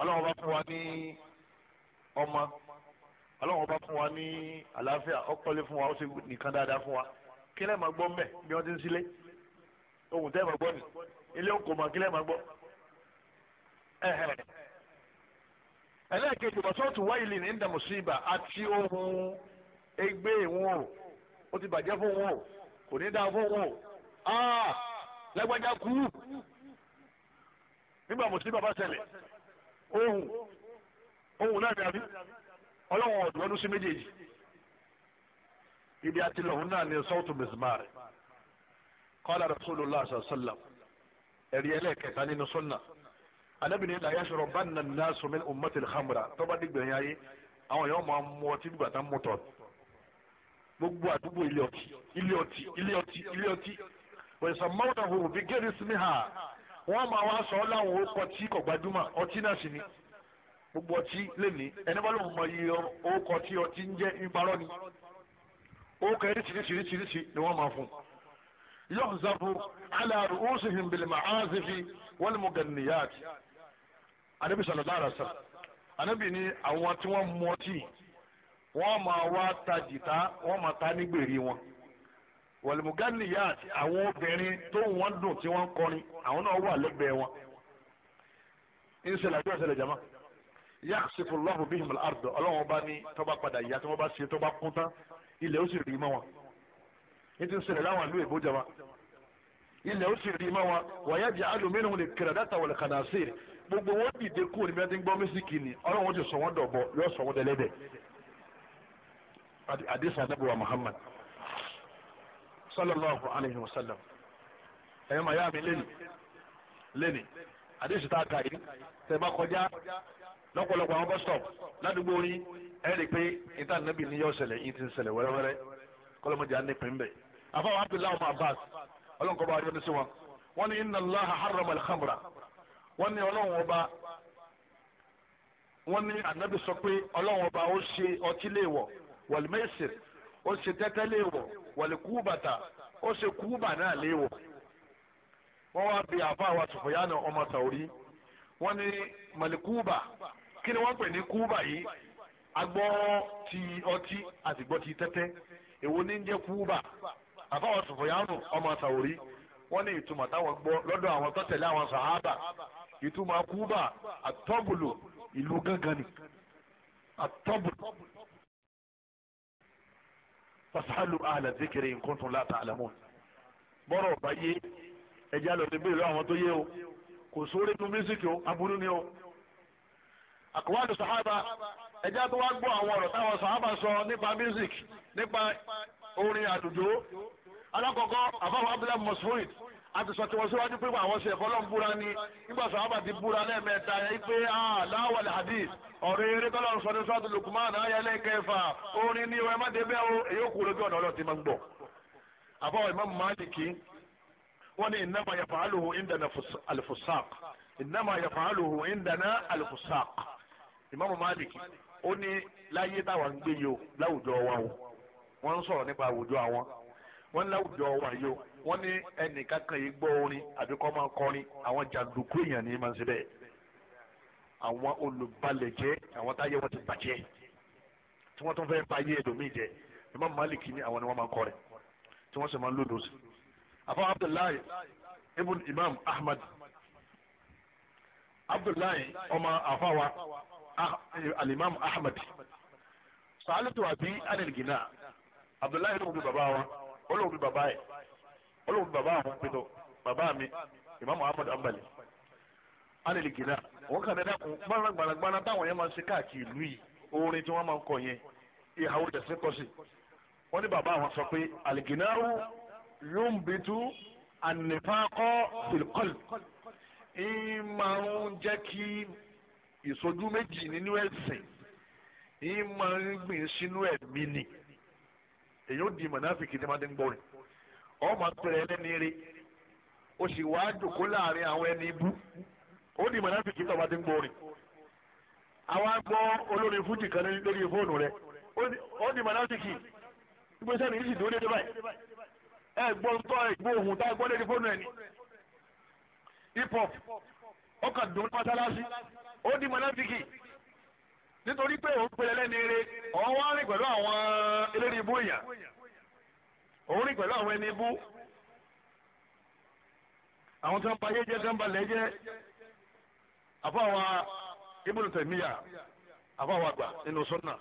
ọlọ́run bá fún wa ní ọmọ ọlọ́run bá fún wa ní àlàáfíà ọkọ́lé fún wa ó sì nìkan dáadáa fún wa kí lẹ́ẹ̀ máa gbọ́ mbẹ́ bí wọ́n ti ń sílé ohun tẹ́ẹ̀ máa gbọ́ ni ilé òkò máa kí lẹ́ẹ̀ máa gbọ́ ẹlẹ́ẹ̀kejì bọ̀sọ́ọ̀tù wáyìlì ní ìdàmùsíbà àti ohun egbé ìwọ̀n ó ti bàjẹ́ fún wọn kò ní dáa fún wọn o ah, lágbájá kú nígbà mùsùlùmí bàbá ṣẹlẹ̀ ohun ohun náà ni àbí ọlọ́wọ́n ọ̀dùnmọ́dún sí méjèèjì ibi àti lọ́hùn náà ni sọ́ọ̀tù mẹ́sìmáàrì kọ́lá rasulullah sàlá ẹ̀rí ẹlẹ́ẹ̀kẹta nínú sunna anábìíní ilà yashrabanna an-nasu min ummati al-khamra tọ́ba dìgbẹ̀yìn ayé àwọn yóò máa mú ọtí gbàtà mú gbogbo àdúgbò ilé ọtí ilé ọtí ilé ọtí ilé ọtí wẹ̀sán mọ́tà hù bí gẹ́rì sí ní hà wọ́n máa wá sọ láwọn orúkọ tí kò gbajúmọ̀ ọtí náà sì ni gbogbo ọtí lẹ́ni ẹni bá lóun mọ iye orúkọ tí ọtí ń jẹ́ ìparọ́ ni orúkọ yẹn ṣiríṣiríṣiríṣi ni wọ́n máa fún yọ̀ǹzàfù aláàrú ọ̀ṣìhìn bìlìmọ̀ áńsìfì wọ́n ní mo gẹ̀ nìyàtì anábì sàlọ̀ dára sàlọ̀ anábì ní àwọn tí wọ́n mú ọtí yìí wọ́n máa wá ta jìtá wọ́n máa ta nígbèrè wọn wàlùmùgánìyàt àwọn obìnrin tó wọ́n dùn tí wọ́n ń kọrin àwọn náà wà lẹ́gbẹ̀ẹ́ wọn ìṣẹ̀lẹ̀ àjọ ìṣẹ̀lẹ̀ jama yaksifu Allahu bihim al-ard bá ní tó padà yá tí wọ́n bá ṣe tó kún tán ilẹ̀ ó sì rí mọ́ wọn ní ti ń ṣẹlẹ̀ láwọn ìlú èbó jama ilẹ̀ ó sì rí mọ́ wọn wàyà jẹ́ alùmínú ní kìrẹ̀dátà wọlé kànáà gbogbo wọn dìde kúrò níbi ẹni tí ni Ọlọ́run ti sọ wọn dọ̀bọ yóò sọ wọn dẹlẹ́dẹ̀ àdìsí àdàbọ̀wà Muhammad sallallahu alayhi wa sallam ẹ̀yọ́ màá yá mi lẹ́nu lẹ́nu àdìsí tá a kà yìí tẹ̀ bá kọjá lọ́pọ̀lọpọ̀ àwọn bus stop ládùúgbò yín ẹ̀ rí i pé ìtàn nàbì ni yóò ṣẹlẹ̀ yín ti ń ṣẹlẹ̀ wẹ́rẹ́wẹ́rẹ́ kọ́lọ́mọdé á ní pín bẹ́ẹ̀ àfọwọ́ abdullahi ọmọ abbas ọlọ́nkọ́ba ọdún sí wọn wọ́n ní inna allaha harrama al-khamra wọ́n ní ọba wọ́n ní anabi sọ pé ọlọ́run ọba ó ṣe ọtí léèwọ̀ wàlímẹ́sìr ó ṣe tẹ́tẹ́ léèwọ̀ wàlíkúbàtà ó ṣe kúbà náà léèwọ̀ wọ́n wá bí àfa wa Sùfìyánù ọmọ Sàwòrí wọ́n ní màlíkúbà kí ni wọ́n pè ní kúbà yìí agbọ́ ti ọtí àti gbọ́ ti tẹ́tẹ́ èwo ní ń jẹ́ kúbà àfa wa Sùfìyánù ọmọ Sàwòrí wọ́n ní ìtumọ̀ táwọn gbọ́ lọ́dọ̀ àwọn tó tẹ̀lé àwọn sàhábà ìtumọ̀ kúbà àtọ́bùlù ìlú gángan ni àtọ́bùlù fasalu ahla zikiri in kuntum la ta'lamun bọ́rọ̀ bá yé ẹja lọ lè béèrè àwọn tó yé o kò sóore nu mísíkì o aburú ni o àkọwádìí sàhábà ẹja tó wá gbọ́ àwọn ọ̀rọ̀ táwọn sàhábà sọ nípa mísíkì nípa orin àdùjọ alákọ̀ọ́kọ́ àfọwọ́ abdullahi mosfowit a ti sọ tí wọ́n síwájú pé àwọn ṣe ẹ̀kọ́ lọ́n búra ni nígbà sàhábà ti búra lẹ́ẹ̀mẹ́ta yẹn pé láwọ̀lẹ̀ hadith ọ̀rọ̀ eré tọ́lọ̀ ń sọ ní sọ́ọ́tù Luqman ayẹlẹ́ kẹfà orin ni ẹ má débẹ́ o èyí ò kú lójú ọ̀nà ọlọ́ọ̀tì máa ń gbọ̀. àbáwọ̀ Imam Maliki wọ́n ní innama yaf'aluhu indana al-fusaq innama yaf'aluhu indana al-fusaq Imam Maliki wọ́n ní ẹnìkan kan yìí gbọ́ orin àbí kọ́ máa kọrin àwọn jàǹdùkú èèyàn ní máa ń síbẹ̀ àwọn olùbalẹ̀ jẹ́ àwọn táyé wọn ti bàjẹ́ tí wọ́n tún fẹ́ báyé ẹlòmíì jẹ́ Imam Malik ní àwọn ni wọ́n máa ń kọrin tí wọ́n sì máa ń lòdò sí. àfọwọ́ Abdullahi ibn Imam Ahmad Abdullahi ọmọ àfọwọ́ ah, alimam Ahmad sàálùtù àbí anilgina Abdullahi ló ń bí bàbá wa ó ló ń bí bàbá yẹn olóhùn bàbá àwọn pẹ̀tọ̀ bàbá mi ìmáàmù ahmed ambali alẹ́lẹ́ gíga wọ́n kàn dáadáa kún gbanagbanagbana táwọn yẹn máa ń ṣe káàkiri ìlú yìí orin tí wọ́n máa ń kọ yẹn ìhàwọ́ ìdẹ̀sẹ̀ kọ́ sí wọ́n ní bàbá àwọn sọ pé alìgínáàrú yóò ń bitú ànífàkọ́ fìlkọ́lì ń máa ń jẹ́ kí ìṣojú méjì nínú ẹ̀sìn ń máa ń gbìn sínú ẹ̀mí ni èyí ó di mọ̀náfíkì tí wọ́n ti ń gbọ́ rẹ̀ ma pẹrẹ ẹlẹ́ni rí o sì wá jòkó láàrin àwọn ẹni ibú ó di mọ̀nàfíkì tó bá ti ń gbórin àwa gbọ́ olórin fújì kan lórí fóònù rẹ ó di mọ̀nàfíkì ìgbésẹ̀ nìyí sì dúró dédé báyìí ẹ gbọ́ tọ́ ìgbó ohun tá a gbọ́ lórí fóònù ní hip hop dùn mọ́sálásí ó di nítorí pé òun ẹlẹ́ni rí ọ wá rìn pẹ̀lú àwọn ibú òun rìn pẹ̀lú àwọn ẹni bú àwọn tó ń pa ayé jẹ́ tó ń balẹ̀ jẹ́ àfọ àwa Ibn Taymiyyah àfọ àwa gbà nínú sunna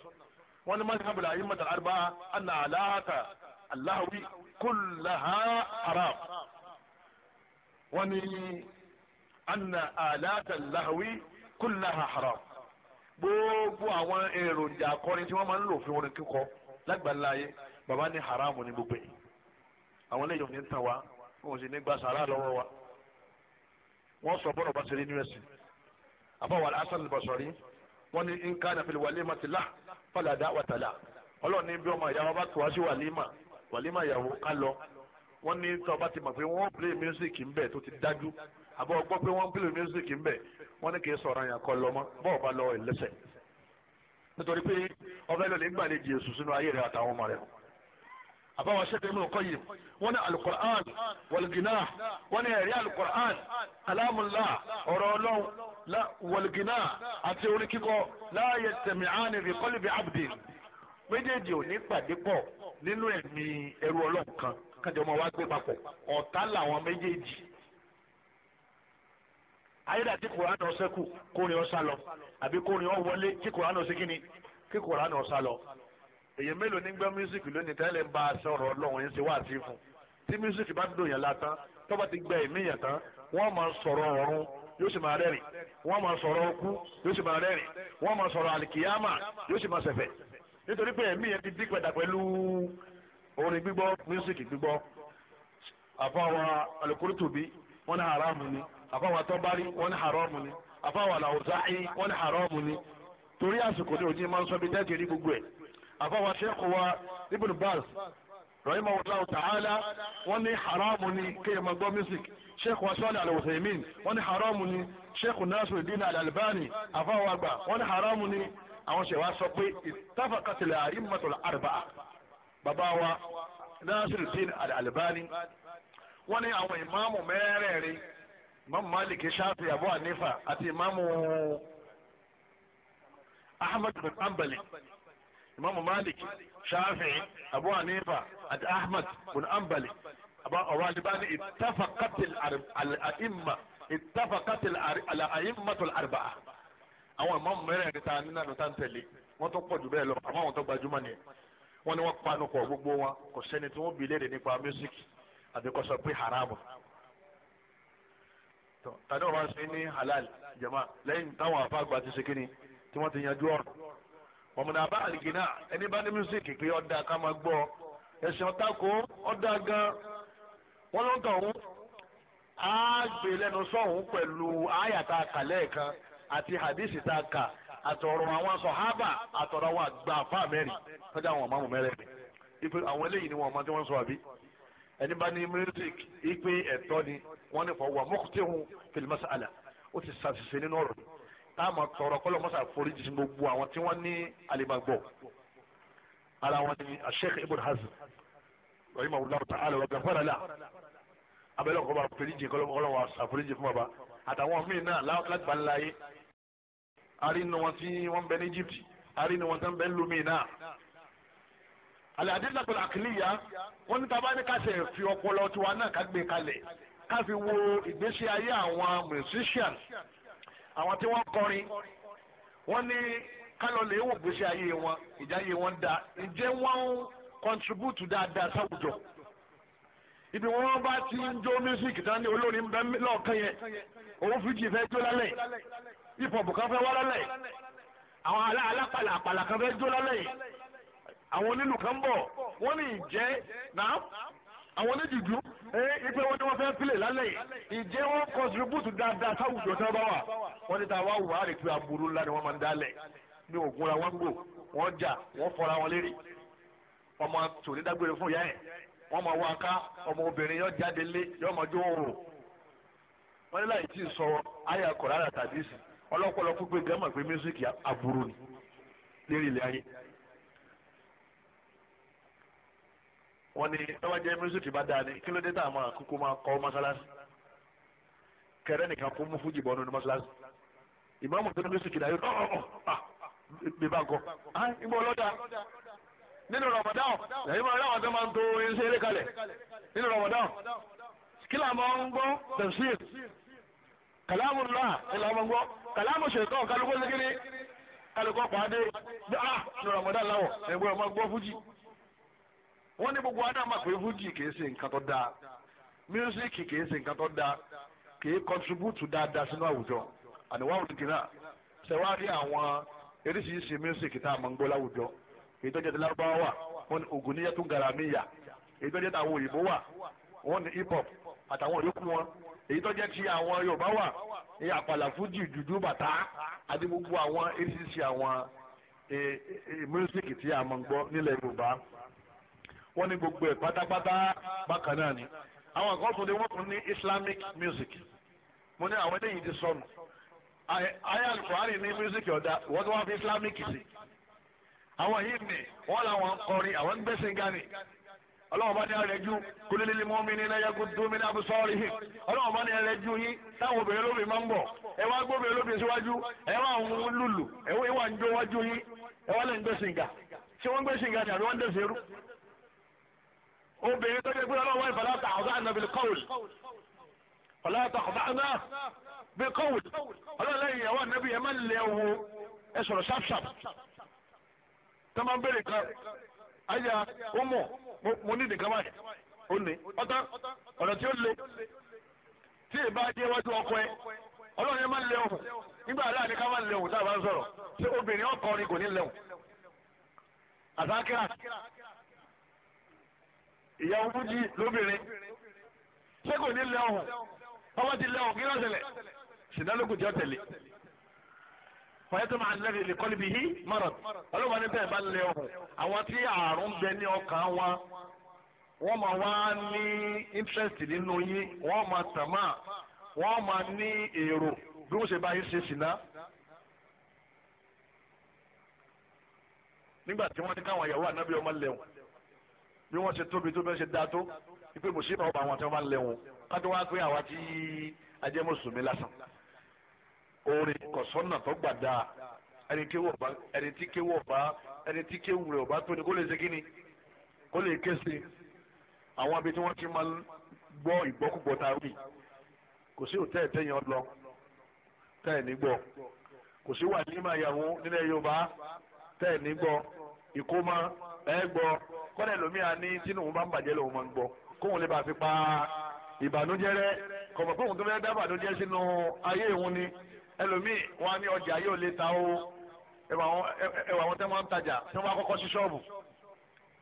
wọn ni mazhabul a'immah al-arba'a anna alaka aláwi kullaha haram wọn ni anna alaka aláwi kullaha haram gbogbo àwọn èròjà akọrin tí wọn máa ń lò fún orin kíkọ lágbàláyé baba ni haramu ni gbogbo yìí àwọn eléyìí ò ní tàn wá wọn ò sì ní gba sàrà lọ́wọ́ wa wọ́n sọ bọ́rọ̀ bá ṣe rí nínú ẹ̀sìn àbáwọ̀ Hasan al-Basri wọ́n ní in kana fil walimati la fala da'wata la ọlọ́run ní bí ọmọ ìyàwó bá tó wá sí wàlímà wàlímà ìyàwó ká lọ wọ́n ní tó bá ti mọ̀ pé wọ́n play music ń bẹ̀ tó ti dájú àbọ̀ gbọ́ pé wọ́n play music ń bẹ̀ wọ́n ní kì í sọ̀rọ̀ àyàn kọ́ lọ mọ́ bọ́ọ̀ bá lọ ẹlẹ́sẹ̀ nítorí pé ọbẹ̀ lọ́lẹ̀ gbàlejò èṣù sínú ayé rẹ̀ àtàwọn ọmọ rẹ̀ àbáwọn ṣẹ́gun ìmọ̀ ọ̀kọ́ yìí wọ́n ní alukur'an wọ̀lgínà wọ́n ní ẹ̀rí alukur'an alámùlá ọ̀rọ̀ ọlọ́run wọ̀lgínà àti orí kíkọ́ láàyè tẹ̀míhánì rìkọ́lì bíi abdi méjèèjì ò ní pàdé pọ̀ nínú ẹ̀mí ẹrú ọlọ́run kan kájọ ọmọ wa gbé papọ̀ ọ̀tá làwọn méjèèjì ayédà tí koran ọ̀sẹ́kù kórin ọ̀sá lọ àbí kórin ọ̀wọlé tí koran ọ̀sẹ́kìnni kí koran ọ̀sá lọ èyàn mélòó ní gbọ́ mísíkì lónìí tẹ́lẹ̀ ń bá a sọ̀rọ̀ ọlọ́run yín ṣe wá sí fún tí mísíkì bá dùn yàn látàn tó bá ti gbẹ ìmí yàn tán wọ́n máa sọ̀rọ̀ ọ̀run yóò sì máa rẹ́rìn wọ́n máa sọ̀rọ̀ ọkú yóò sì máa rẹ́rìn wọ́n máa sọ̀rọ̀ àlìkìyàmà yóò sì máa ṣẹ̀fẹ̀ nítorí pé ẹ̀mí yẹn ti dí padà pẹ̀lú orin gbígbọ́ mísíkì gbígbọ́ àfọwọ́ torí àsìkò ní òjì máa ń sọ bí tẹ́tì gbogbo ẹ̀ àfọwọ́ sẹ́kù wa ibn baz rahim allah ta'ala wọ́n ní haramu ni kéèyàn máa gbọ́ music sheikh wa sọ́ọ̀lì al-Uthaymin wọ́n ní haramu ni sheikh Nasiruddin al-Albani àfọwọ́ àgbà wọ́n ní haramu ni àwọn ṣe wá sọ pé ìtafàkàtìlẹ̀ àìmọ̀tòlá àrùbá bàbá wa Nasiruddin al-Albani wọ́n ní àwọn ìmáàmù mẹ́rẹ̀ẹ̀rin imaamu malik shafi abu hanifa àti imaamu ahmed bin ambali imaamu malik shafi'i abu hanifa àti ahmed bin ambali ọ̀rọ̀ alibani ìtafakatil al'aimma ìtafakatil al'aimmatul arba'a àwọn imaamu mẹ́rẹ̀ẹ̀rin ta nínú àná tá ń tẹ̀lé wọ́n tó pọ̀ jù bẹ́ẹ̀ lọ àmọ́ àwọn tó gbajúmọ̀ nìyẹn wọ́n ní wọ́n panu pọ̀ gbogbo wọn kò sẹ́ni tí wọ́n bi léde nípa mísíkì àti kó sọ pé haramu tani wọ́n bá ń sọ halal jama lẹ́yìn táwọn afáàgbà ti ṣe kíni tí wọ́n ti yanjú ọ̀rọ̀ mọ̀mọ́dà bá àlìgínà ẹni bá ní mísíkì pé ọ̀dà ká máa gbọ́ ẹ̀sìn ọ̀tàkó ọ̀dà gan wọ́n ló ń tọ̀hún á gbé lẹ́nu sọ̀hún pẹ̀lú àyàtà kàlẹ́ kan àti hadisi tá a kà àtọ̀rọ̀ àwọn sọ̀hábà àtọ̀rọ̀ àwọn àgbà àfa mẹ́rin tọ́jà àwọn ọmọ mẹ́rẹ̀ẹ́rin ipe àwọn eléyìí ni wọn ọmọ tí wọ́n sọ àbí ẹni bá ní music ipe ẹ̀tọ́ ni wọ́n ní fọwọ́ mọ́kútẹ́hùn fil mas'ala ó ti ṣàṣìṣe nínú ọ̀rọ̀ yìí tá a mọ tọrọ kọlọ mọsà foríjì gbogbo àwọn tí wọn ní alimagbọ ara wọn ni asheikh ibn hazm rahimahullah ta'ala wa gafara la abẹ́lẹ́ ọkọ̀ bá foríjì kọlọ kọlọ wa sàforíjì fún baba àtàwọn míì náà lágbà ńlá yé arínú wọn tí wọn bẹ ní egypt arínú wọn tí wọn bẹ lómi náà aladina pẹlú àkìlíya wọn ní taba ní kásẹ̀ fi ọpọlọ tiwa náà ká gbé kalẹ̀ wo ìgbésí ayé àwọn musicians àwọn tí wọ́n kọrin wọ́n ní kálọ̀ lè wò gbèsè ayé wọn ìjáyé wọn da ǹjẹ́ wọ́n ń kọ́ntribútù dáadáa sáwùjọ ibi wọn bá ti ń jó mísíkì tán ní olórin bẹ́ẹ̀ lọ́ọ̀kan yẹn òun fìjì fẹ́ jó lálẹ́ hip-hop kan fẹ́ wá lálẹ́ àwọn alápàlà àpàlà kan fẹ́ jó lálẹ́ àwọn onílù kan bọ̀ wọ́n ní ìjẹ́ náà àwọn onídìdú ipe wọn ni wọn fẹ́ pílè lálẹ́ yìí ìjẹ́ wọn kọ́ntribútù dáadáa táwùjọ tí wọ́n bá wà wọ́n ní ta wá wù á pé aburú ńlá ni wọ́n máa ń dálẹ̀ ní ògùn ra wọn gbò wọ́n jà wọ́n fọ́ra wọn lérí ọmọ tòní dágbére fún ìyá ẹ̀ wọ́n máa wá ká ọmọ obìnrin yọ jáde lé yọ máa jó oòrùn wọ́n ní láì tí ì sọ ayé akọ̀rọ̀ àrà ọlọ́pọ̀lọpọ̀ gbé gẹ́mà pé mísíkì aburú ni lérí ilẹ̀ ayé wọ́n ní tọ́wájẹ́ mísírì bá dáa ní kí ló dé tá a máa kúkú máa kọ́ mọ́sálásí kẹrẹ́ nìkan kó mú fújì bọ́ọ̀nù ní mọ́sálásì ìmáàmù tó ní mísírì kìdá yóò ọ̀ ọ̀ bí bá ń kọ́ ìgbọ́ ah, ọlọ́dà nínú rọ̀mọ̀dán lẹ́yìn máa ráwọn tó máa ń to irinṣẹ́ eré kalẹ̀ nínú rọ̀mọ̀dán kí là máa ń gbọ́ tafsir kàlámù lọ́à ni là máa ń gbọ́ kàlámù ṣètò kálukó ṣe kíni kálukó pàdé ah, nínú rọ̀mọ̀dán láwọ̀ ẹ̀gbọ́n máa gbọ́ fújì wọ́n ní gbogbo adá máa pè fújì kìí ṣe nǹkan tó dáa mírísíkì kìí ṣe nǹkan tó dáa kìí kọ́ntribútù dáadáa sínú àwùjọ àníwá òdìgì náà ṣẹ̀wáàrí àwọn eréṣiríṣi mírísíkì tá a máa ń gbọ́ láwùjọ èyí tó jẹ́ ti lárúbáwá wà wọ́n ní ògùn níyà tó gàràmíyà èyí tó jẹ́ ti àwọn òyìnbó wà wọ́n ní hip hop àtàwọn yòókù wọn èyí tó jẹ́ ti àwọn yorùbá wà ní àpàlà fújì jùjú bàtà àti àwọn eréṣiríṣi àwọn eh, eh, eh, mírísíkì tí a máa ń gbọ́ nílẹ̀ yorùbá wọ́n ní gbogbo ẹ̀ pátápátá bákan náà ni àwọn kan tún lè wọ́n tún ní islamic music mo ní àwọn eléyìí ti sọnù ayé alukuhari ní music ọ̀dà wọ́n tún wá fi islamic sí àwọn yìí nì wọ́n làwọn ń kọrin àwọn ń gbẹ́sìn gani ọlọ́wọ́n bá ní ẹrẹ́jú kúlílílí mọ́mí ní ẹ̀yẹ́kú dúnmí ní abúsọ́ọ̀rì yìí ọlọ́wọ́n bá ní ẹrẹ́jú yín táwọn obìnrin lóbìn máa ń bọ̀ ẹ wá gbóbìnrin lóbìn síwájú ẹ wá òun lùlù ẹ wá ń jó wájú yín ẹ wá lẹ́yìn gbẹ́sìn gà ṣé wọ́n gbẹ́sìn gà ni àbí wọ́n ń dẹ̀sìn irú obìnrin tó jẹ́ pé ọlọ́wọ́ ìfọ̀lá ta ọ̀gá ànábìlì kọ́wùl ọ̀lá ta ọ̀gá àná bí kọ́wùl ọlọ́lẹ́yìn ìyàwó ànábì yẹn máa ń lẹ wo ẹ sọ̀rọ̀ ṣáfṣáp tó máa ń bèrè kan ayé ó mọ̀ mo ní nìkan báyìí ó ní ọ̀tá ọ̀rọ̀ tí ó le tí ì bá jẹ́ wájú ọkọ ẹ ọlọ́run yẹn máa ń lẹ ohùn nígbà aláàní ká máa ń lẹ ohùn tá a bá ń sọ̀rọ̀ ìyá ogójì lóbìnrin ṣé kò ní lẹ ọhún bàbá ti lẹ ọhún kí ló ṣẹlẹ̀ ṣìdálógún jẹ́ tẹ̀lé fọyẹ́tọ́ máa lè ọlọ́wọ́n ní bẹ́ẹ̀ bá lẹ ọhún àwọn tí àrùn bẹ ní ọkàn wọ́n máa wá ní interest nínú yín wọ́n máa wọ́n máa ní èrò bí bí wọ́n ṣe tóbi tó bẹ́ẹ̀ ṣe dá tó ipe mùsùlùmí ọba àwọn tí wọ́n bá ń lé wọn kájọ wá pé àwa tí ajẹ́ mùsùlùmí lásán orin kọ̀sọ́nà tó gbà dáa ẹni tí kéwù ọba ẹni tí kéwù ọba ẹni tí kéwù rẹ̀ ọba tó ni kó lè ṣe kí ni kó lè ké sí àwọn abẹ tí wọ́n ti máa gbọ́ ìgbọ́kúgbọ́ ta wí kò sí òtẹ́ẹ̀ tẹ́yìn ọlọ tẹ́ẹ̀ nígbọ́ kò sí wà ní màyàwó nílẹ̀ Yorùbá tẹ́ẹ̀ nígbọ́ ìkómọ ẹ̀ gbọ́ kọ́lẹ̀ lómi à ní tínú òun bá ń bàjẹ́ lòun máa ń gbọ́ kóun lè bá fi pa ìbànújẹ́ rẹ kọ̀mọ̀ pé òun tó fẹ́ dá ìbànújẹ́ sínú ayé òun ni ẹlòmíì wọn á ní ọjà yóò lè ta o ẹwà àwọn tẹ́ wọn ń tajà tí wọ́n bá kọ́kọ́ sí ṣọ́ọ̀bù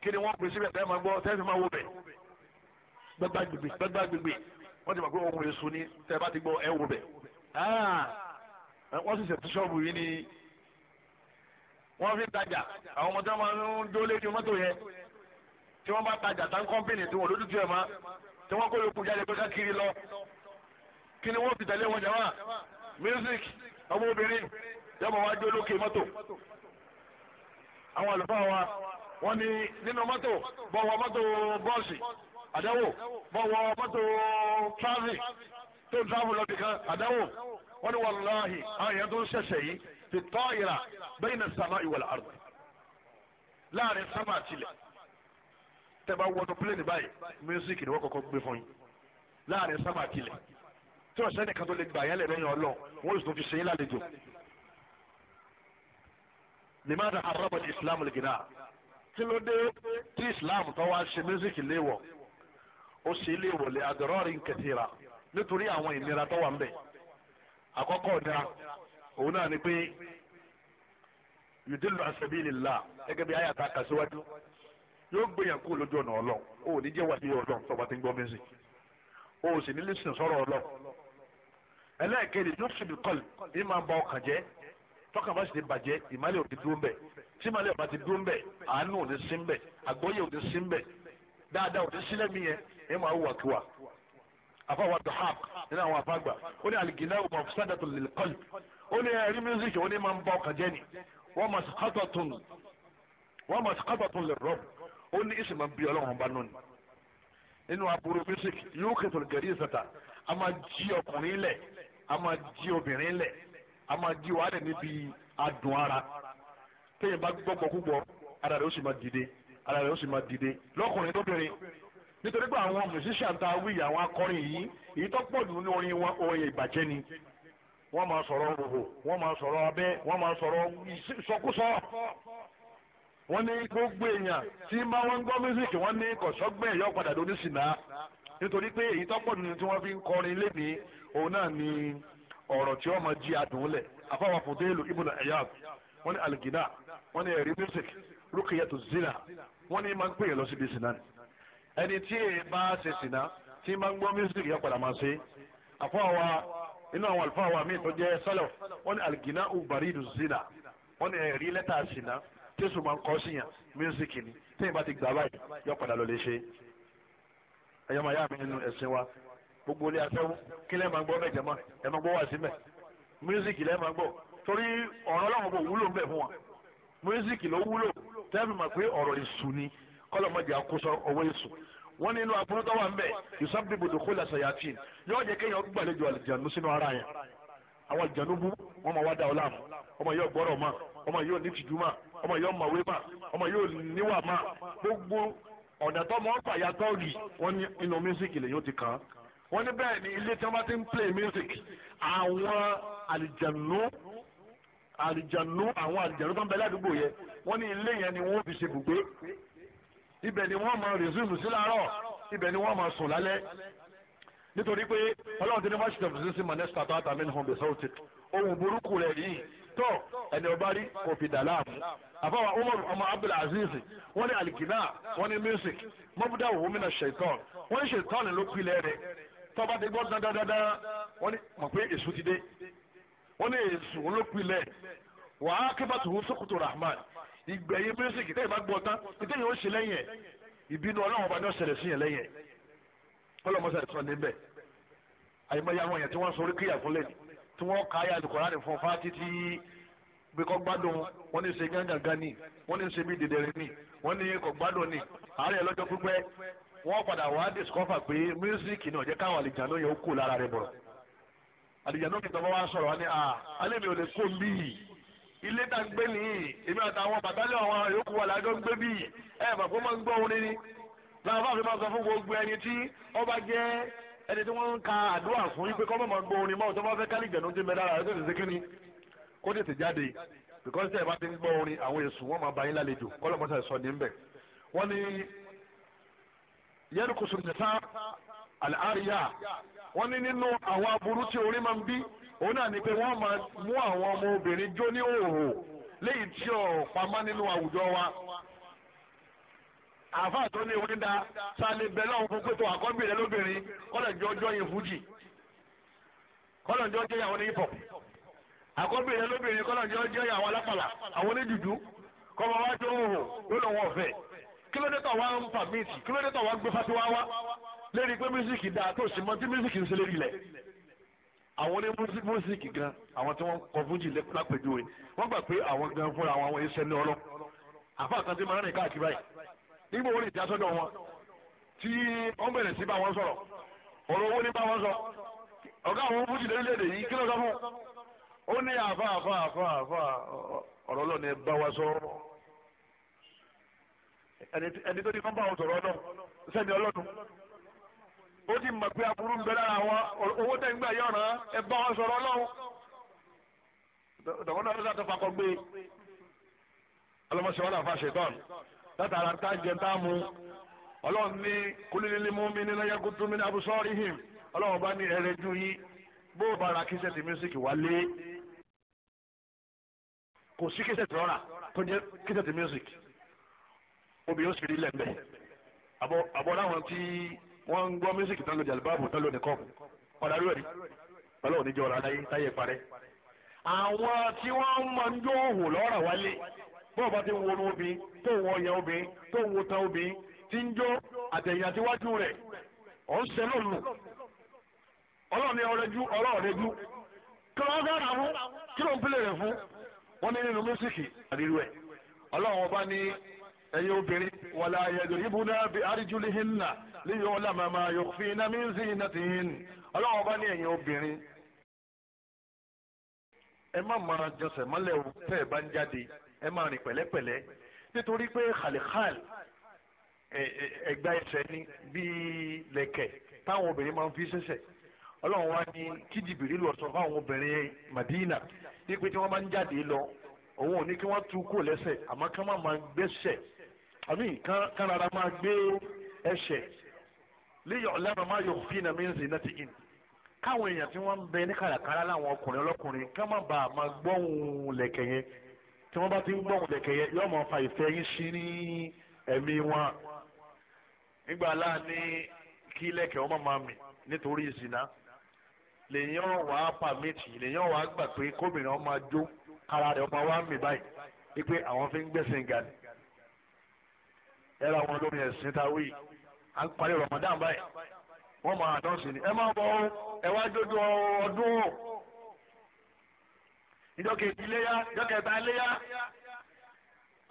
kí ni wọ́n pè síbẹ̀ tẹ́ máa gbọ́ tẹ́ fi máa wo bẹ̀ gbẹgbàgbègbè gbẹgbàgbègbè wọ́n ti mọ̀ pé ohun èso ni tẹ́ bá ti gbọ́ ẹ wo bẹ̀ ah! wọ́n sì ṣètò ṣọ́ọ̀bù yìí ni wọ́n fi ń tajà àwọn ọmọ máa ń dólé ní mọ́tò yẹn tí wọ́n bá tajà tán kọ́mpìnì tí wọ́n lójútu ẹ̀ mọ́ tí wọ́n kó yòókù jáde pé káàkiri lọ kí ni wọ́n fi tẹ̀lé wọn jàmá music ọmọ obìnrin yọmọ wa jó lókè mọ́tò àwọn àlùfáà wa wọ́n ní nínú mọ́tò bọ́ wọ mọ́tò bọ́ọ̀sì àdáwò bọ́ wọ mọ́tò travel tó ń travel lọ́bì kan àdáwò wọ́n ní wàláhì àwọn èèyàn tó ń ṣẹ̀ṣẹ̀ yìí ti tọ́ ìrà bẹ́ẹ̀ ní sàmà ìwọ̀lá àrùn láàrin sámà tilẹ̀ tẹ́bá wọnú pílẹ̀nì báyìí mísíkì ni wọ́n kọ́kọ́ gbé fún yín láàrin sábà tilẹ̀ tí wọ́n sẹ́ni kan tó lè gbà yẹn lẹ̀ lẹ́yìn ọlọ́ wọ́n sì tún fi sẹ́yìn lálejò. limada araba ni islam gina kí ló dé tí islam tó wá ṣe mísíkì léwọ̀ ó sì léwọ̀ lé adọ́rọ́rin kẹtìrà nítorí àwọn ìnira tó wà ń bẹ̀ àkọ́kọ́ ọ̀dà òun náà ni pé yudillu asabilillah gẹ́gẹ́ bí ayàtà kàṣíwájú yóò gbéyàn kó lójú ọ̀nà ọlọ́run o ò ní jẹ́ wá sí ọlọ́run sọba tí ń gbọ́ mẹ́sìn o ò sì ní lè sìn sọ́rọ̀ ọlọ́run ẹlẹ́ẹ̀kejì ló sì bí kọ́lì ní máa ba ọkàn jẹ́ tọ́kàn bá sì ti bàjẹ́ ìmálẹ̀ ò ti dúró mbẹ̀ tí ìmálẹ̀ ò bá ti dúró mbẹ̀ àánú ò ní sí mbẹ̀ àgbọ́yé ò ní sí mbẹ̀ dáadáa ò ní sílẹ̀ mí yẹn ẹ máa wà kíwà àfàwà dùhàk nínú àwọn àfàgbà ó ní àlìgínà ọmọ sádàtò lè kọ́lì ó ní ẹ̀rí mísíkì ó ní máa ń ba ọkàn jẹ́ ni wọ́n máa sàkátọ̀ tún wọ́n máa sàkátọ̀ tún lè rọ́ọ̀bù ó ní ma bí ọlọ́run bá nù nínú aburú music yóò gẹ̀rí ìsàtà a máa jí ọkùnrin lẹ̀ a máa jí obìnrin lẹ̀ a máa jí wàhálẹ̀ níbi adùn ara téèyàn bá gbọ́gbọ́ púpọ̀ ara rẹ̀ ó sì máa dìde ara rẹ̀ ó sì máa dìde lọ́kùnrin tóbìnrin nítorí pé àwọn musician tá a wí àwọn akọrin yìí èyí tó pọ̀ jù ní orin wọn orin ni wọ́n máa sọ̀rọ̀ rògbò wọ́n máa sọ̀rọ̀ abẹ́ wọ́n máa sọ̀rọ̀ wọ́n ní gbogbo èèyàn tí bá wọ́n gbọ́ mísíkì wọ́n ní kọ̀sọ́gbẹ́ ẹ̀yọ́ padà lóní sìnà nítorí pé èyí tọ́pọ̀ nínú tí wọ́n fi ń kọrin lẹ́ni òun náà ni ọ̀rọ̀ tí wọ́n jí adùn lẹ̀ ibùdó wọ́n ní wọ́n ní ẹ̀rí mísíkì wọ́n ní máa ń pè é lọ síbi sìnà ẹni tí èyí bá ṣe sìnà tí mísíkì padà máa ṣe wọ́n ní jésù máa ń kọ́ sí yàn mísíkì ni téèyàn bá ti gbà báyìí yọ padà lọ lè ṣe ẹ̀yọ́ máa yá mi nínú ẹ̀sìn wa gbogbo ilé atẹ́wọ́ kí lẹ́ẹ̀ máa gbọ́ bẹ́ẹ̀ jẹ́mọ́ ẹ̀ máa gbọ́ wà síbẹ̀ mísíkì lẹ́ẹ̀ máa gbọ́ torí ọ̀rọ̀ ọlọ́run kò wúlò ńbẹ̀ fún wa mísíkì ló wúlò tẹ́ẹ̀mì mà pé ọ̀rọ̀ èṣù ni kọ́lọ́mọdé àkóso ọwọ́ èṣù wọ́n ní inú aburú tó wà ńbẹ̀ yusabibu dukhula sayatin yóò jẹ́ kéèyàn gbàlejò àlùjànnú sínú ara yẹn àwọn àlùjànnú bú wọ́n máa wá dá ọ láàmú ọmọ yóò gbọ́rọ̀ mọ́ ọmọ yóò ní tìjú mọ́ ọmọ yóò mọ̀wé mà ọmọ yóò níwà mà gbogbo ọ̀nà tó mọ̀ ń pàyà tọ́ọ̀gì wọ́n ní inú mísíkì lè yóò ti kàn án wọ́n ní bẹ́ẹ̀ ni ilé tí wọ́n bá ti ń play music àwọn àlìjànú àlìjànú àwọn àlìjànú tó ń bẹ ládùúgbò yẹn wọ́n ní ilé yẹn ni wọ́n fi ṣe bùgbé ibẹ̀ ni wọ́n máa rìsíìmù sí láàárọ̀ ibẹ̀ ni wọ́n máa sùn lálẹ́ nítorí pé ọlọ́run ti ní fásitì ọ̀fíìsì sí mọ̀nẹ́sítà tó àtàmínú hàn bẹ̀sẹ̀ òtítù ohun burúkú rẹ̀ yìí tó ẹni ọba rí kò fi dà láàmú àfọwọ́ umar ọmọ abdulaziz wọ́n ní alikina wọ́n ní music mọ́búdá òwò mi na ṣètọ́n wọ́n ní ṣètọ́n ló pilẹ̀ rẹ̀ tọ́ba ti gbọ́ dandandandan wọ́n ní mọ̀ pé èṣù ti dé wọ́n ní èṣù ló pilẹ̀ wàá kébàtù wọn sókòtò rahman ìgbẹ̀yìn music tẹ́yìn bá gbọ́ tán ìtẹ́yìn ó ṣe lẹ́yìn ẹ̀ ìbínú ọlọ́run ọba ní ọ̀sẹ̀lẹ̀ sí yẹn lẹ́yìn ẹ̀ ọlọ́mọṣẹ́ ìtọ́ níbẹ̀ àyè tí wọ́n ka ayé alukọ̀ránì fún fa títí bí kò gbádùn wọ́n ní ṣe gángan ni wọ́n ní ṣe bí dèdèrè ni wọ́n ní kò gbádùn ni àárẹ̀ lọ́jọ́ pípẹ́ wọ́n padà wá discover pé mísíkì náà jẹ́ káwọn àlìjáná yẹn ó kó lára rẹ̀ bọ̀rọ̀ àlìjáná mi tọ́wọ́ wá sọ̀rọ̀ wá ní à alẹ́ mi ò lè kó bí ilé tá ń gbé nìyí èmi àtàwọn bàtálẹ̀ àwọn yòókù wà lájọ́ gbé bí ẹ̀ bàbá máa ń gbọ́ orin ni láwọn fáwọn fi máa sọ fún gbogbo ẹni tí ọba jẹ́ ẹni tí wọ́n ń ka àdúrà fún yín pé kọ́ mọ̀mọ́ gbọ́ orin mọ́ tó bá fẹ́ kálí ìgbẹ̀nu ti mẹ́ ẹ̀ tó ti ṣe kó tètè jáde because tẹ́ ẹ bá ti ń gbọ́ orin àwọn èṣù wọ́n máa bá yín lálejò kọ́lọ́mọ́sá sọ ní bẹ̀. wọ́n ní yẹ́rù kùsùn nìta àlàáríyá wọ́n ní nínú àwọn aburú tí orin máa ń bí òun náà ni pé wọ́n máa mú àwọn ọmọ obìnrin jó ní òhò léyìí tí ò pamọ́ nínú àwùjọ wa àáfàá tó ní ìwé ń da sálẹ̀ bẹ́ẹ̀ lọ́hùn fún pé tó àkọ́bí rẹ lóbìnrin kọ́lọ̀ jọ jọ yin fújì kọ́lọ̀ jọ jẹ́ ìyàwó ní hip hop àkọ́bí rẹ lóbìnrin kọ́lọ̀ jọ jẹ́ ìyàwó alápàlà àwọn onídùúdú kọ́mọ wá tó hò yóò lọ wọ́n fẹ́ kílódé tó wá ń pàmìtì kílódé tó wá gbé fatiwa wá lérí pé mísíkì dáa tó sì mọ tí mísíkì ń ṣe lérí àwọn ní músíkì gan àwọn tí wọ́n kọ fújì lápèjúwe wọ́n gbà pé àwọn gan fúnra àwọn àwọn ní ọlọ́ àfa àkàntì máa ń rìn káàkiri báyìí nígbà owó lè já sọ́dọ̀ wọn tí wọ́n bẹ̀rẹ̀ sí bá wọn sọ̀rọ̀ ọ̀rọ̀ owó ní bá wọn sọ ọ̀gá àwọn fújì lórílẹ̀‐èdè yìí kí ló sọ fún ó ní àfa àfa àfa àfa ọ̀rọ̀ lọ́ni ẹ bá wa sọ ẹni tó ní kán bá wọn sọ̀rọ̀ náà sẹ́ni ọlọ́dún ó ti mọ̀ pé aburú ń bẹ lára wọn owó tẹ̀ ń gbà yọ̀ràn ẹ bá wọn sọ̀rọ̀ lọ́hùn dọ̀gọ́dọ̀ ló sàtọ́ fakọ gbé ọlọ́mọṣẹ́ látara tá a jẹ tá a mu ọlọ́run ní kúlílímú mi ní lẹ́yẹ́kútú mi ní abusọ́rìhìn ọlọ́run bá ní ẹrẹ́jú yín bó o bára kí sẹ́ẹ̀tì mísíkì wálé kò sí kí sẹ́ẹ̀tì rọra tó jẹ́ kí sẹ́ẹ̀tì mísíkì obìnrin ó sì rí lẹ́m̀bẹ̀ àbọ̀ láwọn tí wọ́n ń gbọ́ mísíkì tán ló jàlè báàbò tán ló ní kọ́ọ̀bù ọ̀dà rẹ̀ rí ọlọ́run níjọ́ ọ̀rọ̀ adáyé táyé parẹ́ àwọn tí wọ́n ń mọ ń jó òhò lọ́rọ̀ wálé bó bá ti ń wọnú obìnrin tó ń wọ ọyàn obìnrin tó ń ti ń jó àtẹ̀yìn rẹ̀ ọ̀ ń ṣe lónìí ni ọ̀rẹ́jú ọlọ́ọ̀rẹ́jú kí wọ́n fún kí ló ń pèlè rẹ̀ fún wọ́n ní nínú mísíkì àdìrú ẹ̀ ọba ní ẹ̀yin obìnrin bí léyìn ọ̀la màmá iná mi ń sìn iná ọba ní ẹ̀yin obìnrin ẹ má jọsẹ̀ mọ́lẹ̀ tẹ́ ẹ ẹ máa rìn pẹ̀lẹ́pẹ̀lẹ́ nítorí pé khalikhal ẹgbà ẹsẹ̀ ni bíi lẹ̀kẹ̀ táwọn obìnrin máa ń fi ṣẹ̀ṣẹ̀ ọlọ́run wá ní kí jìbìrì lọ sọ fáwọn obìnrin Madina wípé tí wọ́n máa ń jáde lọ òun ò ní kí wọ́n tú kó lẹ́sẹ̀ àmọ́ kí wọ́n máa gbẹ́sẹ̀ àmì kánara máa gbé ẹsẹ̀ léyọ̀ lẹ́nu máa yọ fínà mí ń náà ti in káwọn èèyàn tí wọ́n ń bẹ ní kàràkàrà láwọn ọkùnrin ọlọ́kùnrin ká má bàa máa gbọ́hùn lẹ̀kẹ̀ yẹn tí wọ́n bá ti ń gbọ́hùn dẹ̀kẹ̀ yẹ yọ́ mọ̀ fa ìfẹ́ yín sí ní ẹ̀mí wọn nígbà láàánú kí lẹ́kẹ̀ ọmọ máa mì nítorí ìsìná lèyìn ọ̀wá pàmìtì lèyìn ọ̀wá gbà pé kómìnrin ọmọ ajó ara rẹ̀ ọmọ wa ń mì báyìí wípé àwọn fi ń gbẹ̀sìn gani ẹ̀rọ àwọn olórin ẹ̀sìn táwí à ń parí Ramadan báyìí wọ́n máa dán sí ni ẹ máa bọ̀ ẹ wá jójú ọdún o ìjọkè ìdíléyà ìjọkè ìbáléyà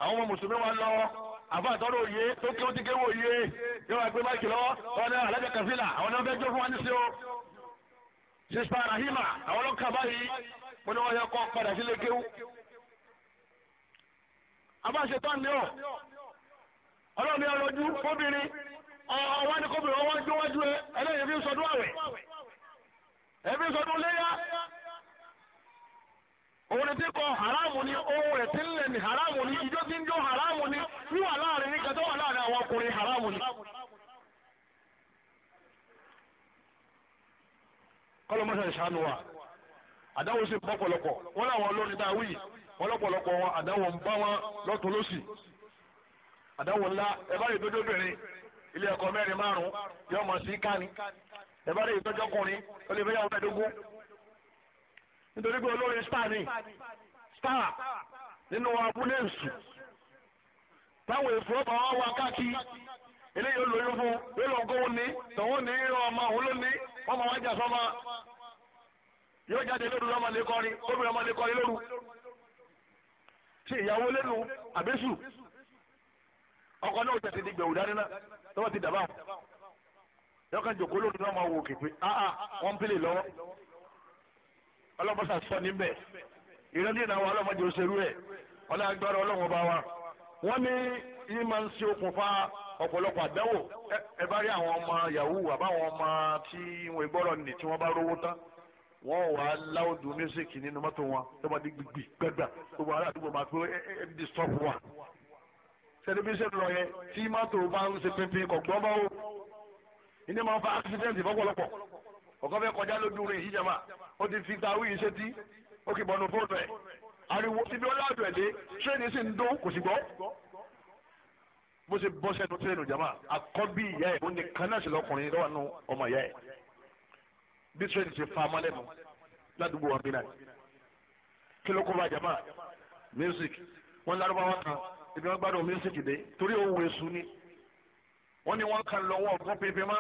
àwọn ọmọ mùsùlùmí wa lọ àbá àtọ́rọ̀ òye tó kí wọ́n ti kéwọ́ òye yóò wá gbé báyìí lọ́wọ́ wọn náà alájà kàfílà àwọn náà bẹ́ẹ̀ jó fún wa ní sí o sista rahima àwọn ọlọ́kà báyìí mo ní wọ́n yẹ kọ́ padà sílé kéwú. àbá ṣetán ni ọ ọlọ́run ní ọlọ́jú fóbìnrin ọwọ́ ní kóbìnrin ọwọ́ ń jó wájú ẹ ẹlẹ́yìn fi ń sọdún àwẹ̀ ẹ fi ń sọdún léyà. òun ni tí kọ haramu ni ohun rẹ̀ tí ń lẹ̀ ní haramu ni tí ń jó haramu ni láàrin ní wà láàrin àwọn ọkùnrin haramu ni. ìṣàánú wa àdáwò sí làwọn olórin a wí wọn àdáwò ń bá wọn lọ́tún lọ́sì àdáwò ńlá nítorí pé olórin star ni star nínú abúlé èsù táwọn èsù ọba wọn wá káàkiri eléyìí olóyún fún yóò lọ kó wọn ní tọ̀hún ní ọmọ òun ló ní wọn máa wá jà sọ́mọ yóò jáde lóru lọ́mọ lè kọrin obìnrin ọmọ lè kọrin lóru ṣe ìyàwó lẹ́nu àbẹ́sù ọkọ náà tẹ̀sí di gbẹ̀wò dání náà tọ́wọ́ ti dàbà yọkàn jòkó lóru náà wò képe ah ah wọ́n ń pèlè lọ́wọ́ ọlọ́mọsà sọ níbẹ̀ ìrẹ́lẹ̀ náà wà ọlọ́mọdé òṣèlú ẹ̀ ọlọ́gbàrá ọlọ́wọ́ bá wa wọ́n ní yìí máa ń ṣe okùnfà ọ̀pọ̀lọpọ̀ àdánwò ẹ bá rí àwọn ọmọ yahoo àbáwọn ọmọ tí wọn gbọ́rọ̀ nì tí wọ́n bá rówó tán wọ́n wà á láwùjọ mísíkì nínú mọ́tò wọn tó bá di gbìgbì gbẹgbà gbogbo ará àdúgbò máa pé ẹ ẹ disturb wa sẹdibíṣẹ lọ yẹ tí mọ́tò bá ń ṣe pínpín kọ̀gbọ́n bá wò ní máa ń fa accident ìfọ́pọ̀lọpọ̀ ọ̀gá fẹ́ kọjá lójú rẹ̀ yíjàmbá ó ti fi tawí yìí sétí ó kì bọ́nu fóònù ẹ̀ ariwo ibi ó láàdùn ẹ̀ dé tírẹ́ẹ̀nì sì ń dún kò sì gbọ́ bó ṣe bọ́ sẹ́nu tírẹ́ẹ̀nì jama àkọ́bí ìyá ẹ̀ ó ní kánáàsì lọkùnrin lọ́wọ́ nù ọmọ ìyá ẹ̀ bí tírẹ́ẹ̀nì ṣe fa amálẹ̀ mu ládùúgbò wọn bí náà kí ló kó bá jama music wọn lárúbáwá kan ibi wọn gbádùn music dé torí òun wẹ̀ sùn ni wọn ni wọn kan lọ́wọ́ fún pépé má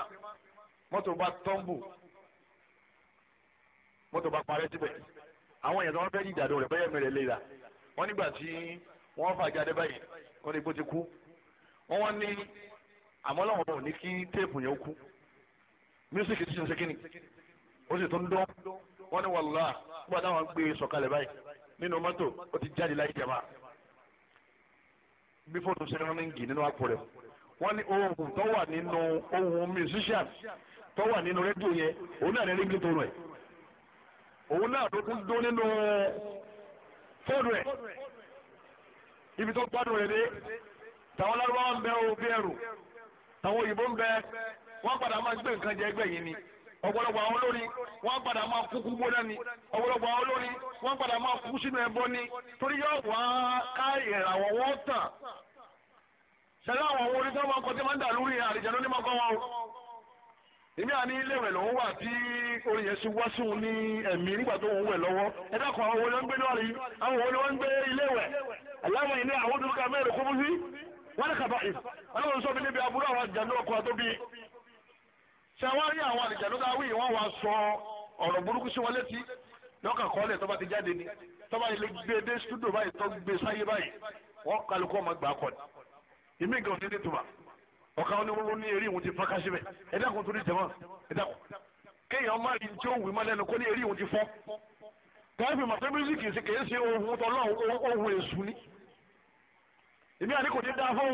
mọ́tò bá tọ́ǹbù mọ́tò bá parẹ́ síbẹ̀ àwọn èèyàn tó wọ́n fẹ́ jìjà lọ rẹ̀ bẹ́yẹ̀ mẹ́rẹ̀ léra wọ́n nígbà tí wọ́n fà jáde báyìí wọ́n ní bó ti kú wọ́n wọ́n ní àmọ́ lọ́wọ́ bò ní kí téèpù yẹn ó kú mísíkì tí ń ṣe kíni ó sì tún dán wọ́n ní wàllá nígbà táwọn gbé e sọ̀kalẹ̀ báyìí nínú mọ́tò ó ti jáde láyé jàmá bí fóònù ṣe rán ní gì nínú àpò rẹ̀ wọ́n ní ohun tó wà nínú ohun musician tó wà nínú rédíò yẹn òun náà ní rígbìn tó rẹ̀ òun náà tó tún dún nínú fóònù ẹ̀ ibi tó gbádùn rẹ̀ dé tàwọn lárúbáwá ń bẹ o bí ẹrù tàwọn òyìnbó ń bẹ wọ́n padà máa gbé nǹkan jẹ ẹgbẹ́ yìí ni ọ̀pọ̀lọpọ̀ àwọn olórin wọ́n padà máa kú kú gbóná ni ọ̀pọ̀lọpọ̀ àwọn olórin wọ́n padà máa kú sínú ẹbọ ni torí yóò wá ká ìràwọ̀ wọ́n tàn ṣẹlẹ̀ àwọn orin tí wọ́n máa ń dà lórí àlìjẹ́ lónìí máa wọn o èmi àní iléèwẹ̀ lòún wà tí orin yẹn ti wá sí òun ní ẹ̀mí nígbà tó ń wẹ̀ lọ́wọ́ ẹ dákun àwọn olóńgbé gbé lọ́ọ̀rì àwọn olóńgbé gbé iléèwẹ̀ aláwọ̀ yìí ní àwọn olùkọ́ mẹ́rin kó mú sí wọ́n ní kàbáyé ọlọ́run sọ́bi níbi àbúrò àwọn àjàndó ọkọ̀ àtóbi ṣe wọ́n rí àwọn àjàndó káwí wọ́n wá sọ ọ̀rọ̀ burúkú sí wọn létí lọ́kàn kọ́lẹ̀ ti jáde ni tó bá ilé gbé dé stúdò báyìí tó gbé sáyé báyìí wọ́n kálukú ọmọ gbà kọ́ni ìmí nǹkan ò ní ọ̀ka oníwúrú ní eré ìwọ̀n ti fọ́n káṣí bẹ̀ ẹ dákun torí jẹ̀mọ́ ẹ dákun kéèyàn má rí tí ó wù í má lẹ́nu kó ní eré ìwọ̀n ti fọ́n tẹ́lifí màtọ́ mísíkì sí kìí ṣe ohun tọ́lọ́ ohun èṣù ni èmi àti kò ní dáa fún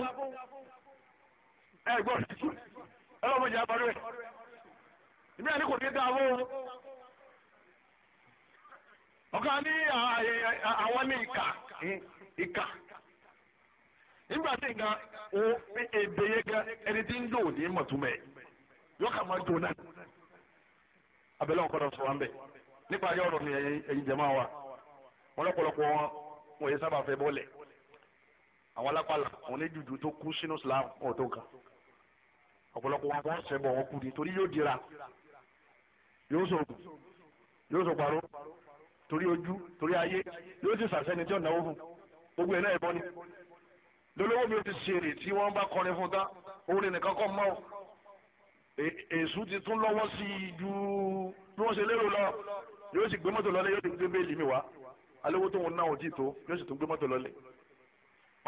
ẹ gbọ́ ẹ lọ́mọ jẹ́ abọ́rẹ́ èmi àti kò ní dáa fún ọ̀ka ní àwọn ní ìkà ìkà nígbà tí nǹkan o èdè yẹn gan ẹni tí ń lò ní mọ̀túmọ̀ ẹ̀ yọ kà máa jóná abẹ́lẹ́ ọkọ̀ náà sọ wá ń bẹ̀ nípa ayé ọ̀rọ̀ ni ẹ̀yin jẹ̀ máa wà wọn lọ́pọ̀lọpọ̀ wọn wọ́n yẹ sábà fẹ́ bọ́ọ̀lẹ̀ àwọn alápàlà àwọn oníjùjú tó kú sínú Islam wọn ò tó nǹkan ọ̀pọ̀lọpọ̀ wọn wọ́n sẹ́bọ̀ wọn kú ni torí yóò dira yóò sọ̀gùn yóò sọ parọ́ torí ojú torí ayé yóò sì sàṣẹ́ni tí ò náwó fún gbogbo ẹ̀ náà ẹ̀bọ ni lọ́lọ́wọ́ mi ò ti ṣèrè tí wọ́n bá kọrin fún ta orin nìkan kọ́ mọ́ e, èṣù ti tún lọ́wọ́ sí i ju bí wọ́n ṣe lérò lọ yóò sì gbé mọ́tò lọ́lẹ̀ yóò sì gbé bẹ́ẹ̀lì mi wá alówó tó ń náwó tí tó yóò sì tún gbé mọ́tò lọ́lẹ̀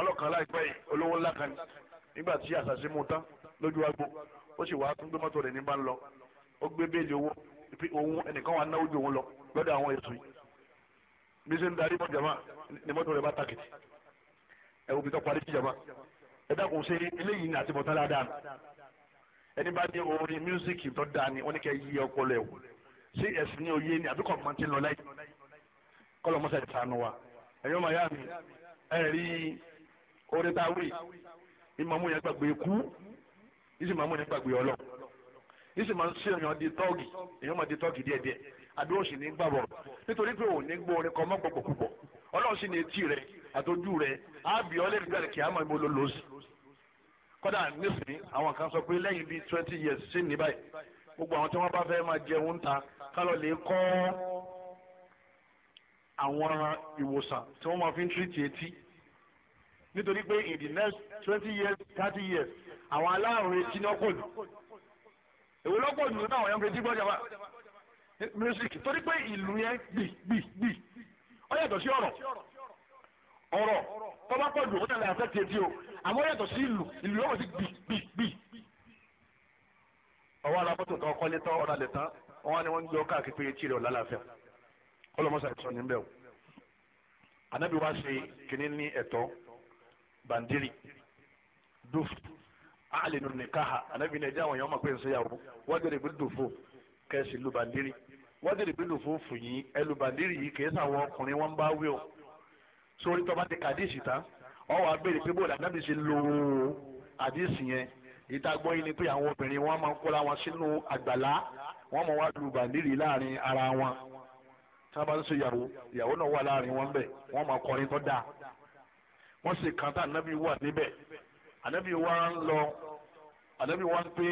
ọlọ́kan láìpẹ́ yìí olówó ńlá kan nígbà tí àṣàṣe mú tán lójú agbo ó sì wá tún gbé mọ́tò rẹ̀ ní ń lọ ó gbé bẹ́ẹ̀lì owó ipi òun ẹnìkan wà náwó ju òun lọ lọ́dọ̀ àwọn èṣù yìí bí ṣe ń darí mọ́tò rẹ̀ bá tàkìtì ẹ̀wọ̀n bí tó parí síjàmá ẹ dákun ṣe eléyìí ní àtibọ̀tán ládàá ẹni bá ní orin mísíkì tó dáa ni wọ́n ní kẹ́ yí ọpọlọ ẹ̀wò ṣé ẹ̀sìn ní oyé ni àbí kò mọ̀ ti lọ láyé kọ́lọ̀ mọ́sá ìtànù wa ẹ̀yọ́ màyá mi ẹ̀ rí orin tá a wí ìmọ̀mú yẹn gbàgbé kú ìsì màmú yẹn gbàgbé ọlọ́ ìsì máa ń ṣe èèyàn di tọ́ọ̀gì èèyàn máa di tọ́ọ̀gì díẹ̀díẹ̀ àdúró sì ní gbàbọ̀ nítorí pé òun ní gbọ́ orin kan mọ́ gbọ̀gbọ̀ púpọ̀ ọlọ́run sì ní etí rẹ̀ àtọ́jú rẹ̀ àbí ọlẹ́rìí gbàdé kí á máa gbó ló sí. kọ́dà nísìnyí àwọn kan sọ pé lẹ́yìn bíi twenty years sí ní báyìí gbogbo àwọn tí wọ́n bá fẹ́ máa jẹun ta kálọ̀ lè kọ́ àwọn ìwòsàn tí wọ́n máa fi ń tírìtì etí nítorí pé in the next twenty years thirty years àwọn aláàrùn etí ní ọ̀pọ̀ jù èwo lọ́pọ̀ jù náà àwọn yẹn ń fetí gbọ́jà music torí pé ìlú yẹn gbì gbì gbì ó yàtọ̀ sí ọ̀rọ̀ ọ̀rọ̀ tọ́ba pọ̀ jù òkúta lẹ́yìn afẹ́tì etí o àmọ́ yàtọ̀ sí ìlú ìlú yóò sì gbì gbì gbì. ọwọ́ alábọ́tò tó kọ́lé tán ọ̀rọ̀ alẹ́ tán wọn ni wọ́n ń gbé ọkọ̀ àkíkpé etí rẹ̀ ọ̀làlàfẹ́ ọlọ́mọṣà ìtọ́ ní bẹ́ẹ̀ o. anabi wa ṣe kínní ní ẹ̀tọ́ bandiri dufu, alinu nikaha anabi ní ẹja àwọn èèyàn máa pè ń sọ yàwó wọ́n dẹ̀rẹ̀ bí dùfò kẹ́sì lu bandiri wọ́n dẹ̀rẹ̀ bí dùfò fù yín ẹlù bandiri yìí kì sàwọn ọkùnrin wọn bá wí o sórí tó bá ti kàdíìsì tán ọ wàá béèrè pé bóòlù àdábì ṣe lo àdíìsì yẹn ìta gbọ́ yín ni pé àwọn obìnrin wọn máa ń kóra wọn sínú àgbàlá wọn máa wá lu bàndìrì láàrin ara wọn tí wọn bá ń ṣe ìyàwó ìyàwó náà wà láàrin wọn bẹ wọn máa kọrin tó dáa wọn sì kàn tá ànábì wà níbẹ̀ ànábì wa ń lọ ànábì wa ń pé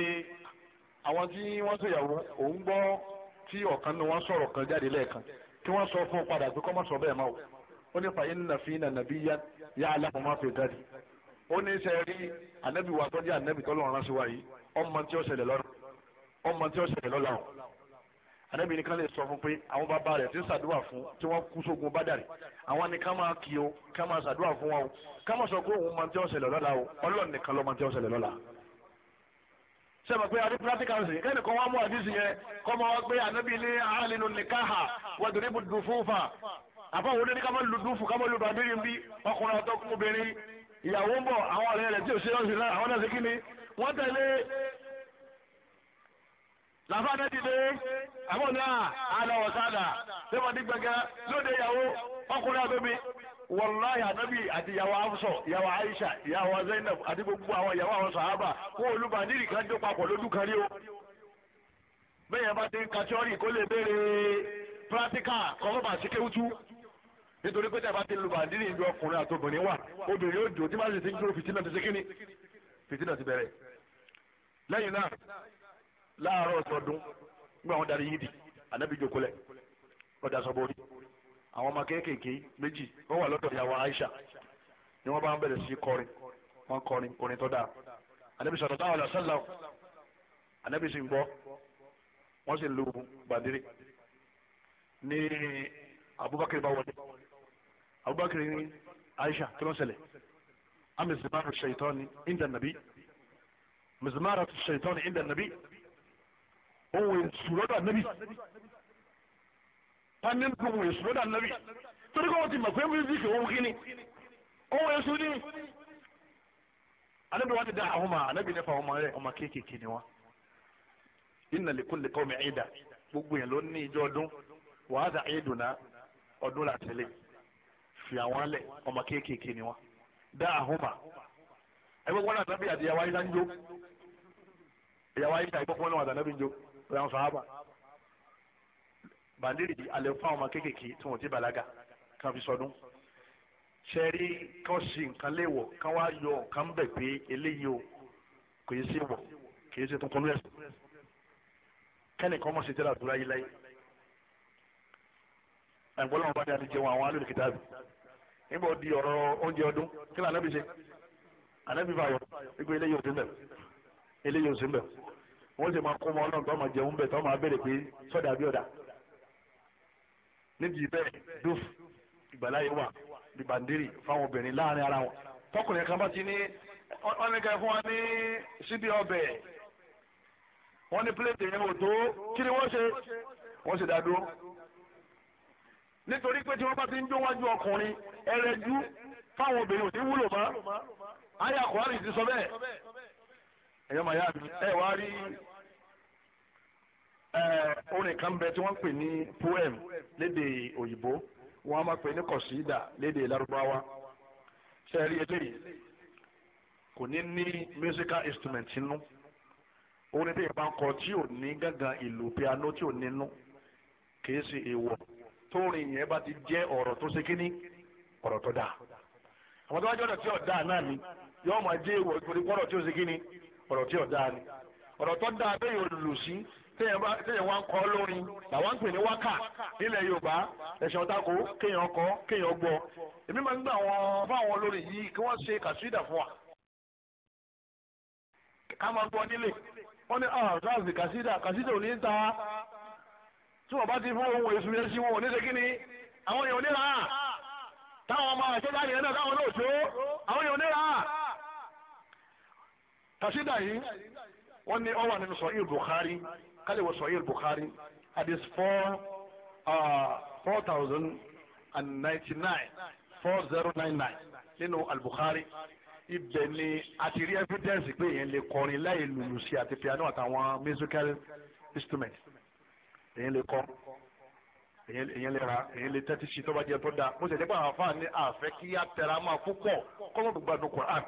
àwọn tí wọn ṣe ìyàwó òun gbọ́ tí ọ̀kan ni wọn sọ̀rọ̀ kan jáde lẹ́ẹ̀kan kí wọn sọ fún un padà pé kọ́ mọ̀ sọ bẹ́ẹ̀ máa wò ó ní fàyín nàfínà nàbíyá yá aláwọ̀ máa fi dárí ó ní sẹ́ rí ànábì wa tọ́jú ànábì tọ́lọ́ ọ̀rán sí wa yìí ọmọ tí ó ṣẹlẹ̀ lọ́la ọmọ tí ó ṣẹlẹ̀ lọ́la o ànábì nìkan lè sọ fún pé àwọn bàbá rẹ̀ ti ń ṣàdúrà fún tí wọ́n kú sógun Bádàrí àwọn ni ká máa kí o ká máa ṣàdúrà fún wa o ká máa sọ pé òun mọ tí ó ṣẹlẹ̀ lọ́la o Ọlọ́run nìkan lọ́mọ tí ó ṣẹlẹ̀ lọ́la sẹ́mi pé adi practicals yìí kẹ́ni kan wá mú àdísì yẹn kọ́ máa wá pé ànábì ní àhálínú nìkáhà wàdúrébù dùfúfà àbá wo ní ká má lu dúfù ká má lu bàbírí ń bí ọkùnrin àti obìnrin ìyàwó ń bọ̀ àwọn ọ̀rẹ́ rẹ̀ tí ò ṣe lọ́sìn náà àwọn náà ṣe kí ni wọ́n tẹ̀lé làbá náà ti dé àbọ̀ náà aláwọ̀ sáàdà sẹ́fọ̀dì gbẹ̀gẹ́ lóde ìyàwó ọkùnrin àtòbí wàláyé ànábì àti ìyàwó afṣọ ìyàwó Aisha ìyàwó Zainab àti gbogbo àwọn ìyàwó àwọn sàhábà kó olúba nírì kan jó papọ̀ lójú kan rí o bẹ́ẹ̀ yẹn bá ti ń ka tíọ́rì kó lè béèrè pírátíkà kọ́mọ́bà síkéwútú nítorí pé tẹ̀bá ti lu bàndínì ìlú ọkùnrin àtobìnrin wà obìnrin ó dùn tí máa ti ń dúró fìtínà ti ṣe kíni fìtínà ti bẹ̀rẹ̀ lẹ́yìn náà láàárọ̀ ọ̀sọ̀dún gbé àwọn darí yídì ànábì jòkólẹ̀ ọ̀dà sọ̀bọ̀rí àwọn ọmọ kéékèèké méjì wọ́n wà lọ́dọ̀ ìyàwó Aisha ni wọ́n bá ń bẹ̀rẹ̀ sí kọrin wọ́n kọrin orin tó dáa ànábì sọ̀tọ̀ táwọn ọ̀làṣàlá ànábì sì ń gbọ́ wọ́n abubakar ni aisha kí ló ń ṣẹlẹ̀ amizimara shaitani inda nabi mizimara shaitani inda nabi òun èsù lọ́dọ̀ nabi tani ń kun òun èsù lọ́dọ̀ nabi torí kò wọ́n ti mọ̀ pé mísíkì òun kí ni òun èsù ni anabi wa ti da àwọn ọmọ anabi nípa ọmọ rẹ ọmọ kéékèèké ni wọn inna likulli qawmin ida gbogbo yẹn ló ní ìjọ ọdún wàhálà ìdùnnà ọdún làtẹlẹ yìí fi àwọn lẹ̀ ọmọ kéékèèké ni wọn dá àhùnmá ẹgbẹ́ wọn àtàbí àti ìyàwó ayé lánjó ìyàwó ayé ìgbà ìgbọ́kùnrin náà àtàbí njó ìyàwó àwọn sàábà bàndírì alẹ́ fún àwọn ọmọ kéékèèké tí wọn ti bàlágà kan fi sọdún sẹ́rí kan sì nǹkan léèwọ̀ kan wá yọ nǹkan ń pé eléyìí o kò yẹ sí wọ̀ kì í ṣe tuntun lẹ́sìn kẹ́nìkan mọ̀ sí tẹ́lẹ̀ àdúrà yìí láyé ẹ̀gbọ́n làwọn bá ní adíjẹun àwọn alóòlù kìtàbí níbo di ọ̀rọ̀ oúnjẹ ọdún kí lóò anábì ṣe anábì bá yọ gbogbo eléyìí ò sí mbẹ eléyìí ò sí mbẹ wọn sì máa kó ọmọ ọlọ́run tó máa jẹun bẹ tó máa béèrè pé sọdà bí ọdà níbi bẹ́ẹ̀ dúf ìgbàláyé wà bíbàndírì fáwọn obìnrin láàrin ara wọn tọkùnrin kan bá ti ní wọn ní kẹ fún wa ní síbi ọbẹ̀ wọn ní pílẹ̀tì yẹn ò tó kí ni wọ́n ṣe wọ́n sì dá dúró nítorí pé tí wọ́n bá ti ń jó wájú ọkùnrin ẹrẹ́jú fáwọn obìnrin ò ní wúlò mọ́ àyà kùránì ti sọ bẹ́ẹ̀ ẹ̀yọ́ màá yá mi ẹ̀ wá rí orin kan bẹ tí wọ́n ń pè ní poem lédè òyìnbó wọ́n á máa pè ní kọ̀sídà lédè lárúbáwá sẹ́ẹ̀rí eléyìí kò ní ní musical instrument nínú orin tí ìbá ń kọ tí ò ní gángan ìlù piano tí ò nínú kì í ṣe èèwọ̀. tóorin yẹn bá ti jẹ ọrọ tó ṣe kínní ọ̀rọ̀ tó dáa àwọn tó bá jẹ́ ọ̀rọ̀ tí náà ni yóò máa jẹ́ ìwọ̀ ìpòrí pọ́rọ̀ tí ó ṣe kínní ọ̀rọ̀ tí ni ọrọ tó dáa bẹ́ẹ̀ yóò sí téèyàn wá ń kọ lórin làwọn ń pè ní wákà Yorùbá kéèyàn kéèyàn èmi máa ń gbà wọn fáwọn olórin yìí kí ṣe kàṣídà fún wa ká máa nílé ní ah, kàṣídà kàṣídà tí wọ́n bá ti fún ohun èso yẹn sí wọn ò ní ṣe kí ni àwọn èèyàn níra táwọn ọmọ àṣẹjá yẹn náà táwọn náà tó àwọn èèyàn níra. tàṣídà yìí wọ́n ní ó wà nínú sọ̀hìn Bukhari kálíwọ̀ sọ̀hìn Bukhari hadith four uh, four thousand and ninety nine four zero nine nine nínú al-Bukhari ibẹ̀ ni a ti rí evidence pé èèyàn lè kọrin láì lùlù sí àti piano àtàwọn musical instruments èyàn lè kọ́ èyàn lè ra èyàn lè tẹ́tí sí tọ́ba jẹ tó dáa mo sì nípa àwọn afáàní àfẹ́ kí á tẹra máa púpọ̀ kọ́mọ́ gbogbo àdó Quran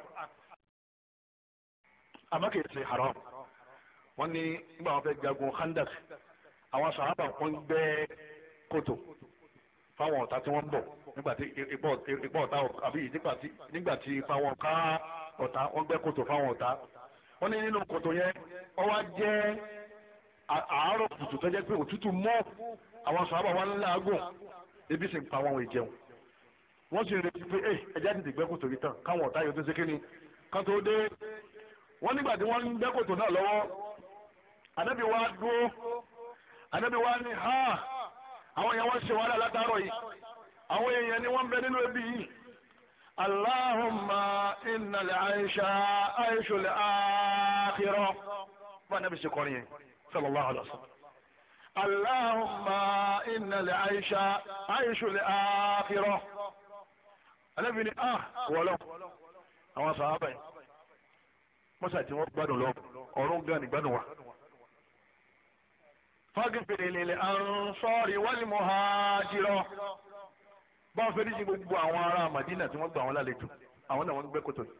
àmọ́ kì í ṣe haram wọ́n ní nígbà wọn fẹ́ jagun Khandak àwọn sàhábà kan gbẹ́ kòtò fáwọn ọ̀tá tí wọ́n ń bọ̀ nígbà tí ipa ọ̀tá àbí nígbà tí ipa wọn ká ọ̀tá wọ́n gbẹ́ kòtò fáwọn ọ̀tá wọ́n ní nínú kòtò yẹn ó wá jẹ́ àárọ̀ kùtù tó jẹ́ pé òtútù mọ́ àwọn sàábà wa ńlá àgùn ebi sì ń pa àwọn ìjẹun wọ́n sì retí pé eh, ẹ ẹja tètè gbẹ́ kòtò yìí tán káwọn ọ̀tá yóò tó ṣe kíni kan tó dé wọ́n nígbà tí wọ́n ń gbẹ́ kòtò náà lọ́wọ́ ànábì wa dúró ànábì wa ní ha àwọn èèyàn wọ́n ṣe wàhálà látàárọ̀ yìí àwọn èèyàn ni wọ́n ń bẹ nínú ebi yìí allahumma inna al aisha aisha al fún ànábì ṣe kọrin yẹn sallallahu alaihi wasallam. Allahumma inna li Aisha Aisha li akhirah. Ànábì ni ah wọlọ́ àwọn sàábà yìí. Mọ́sá tí wọ́n gbádùn lọ, ọ̀run gan ni gbádùn wa. Fagifere lele ansori wali muhajiro. Báwo fẹ́ díjì gbogbo àwọn ará Màdínà tí wọ́n gba àwọn lálejò? Àwọn náà wọ́n gbẹ́ kòtò yìí.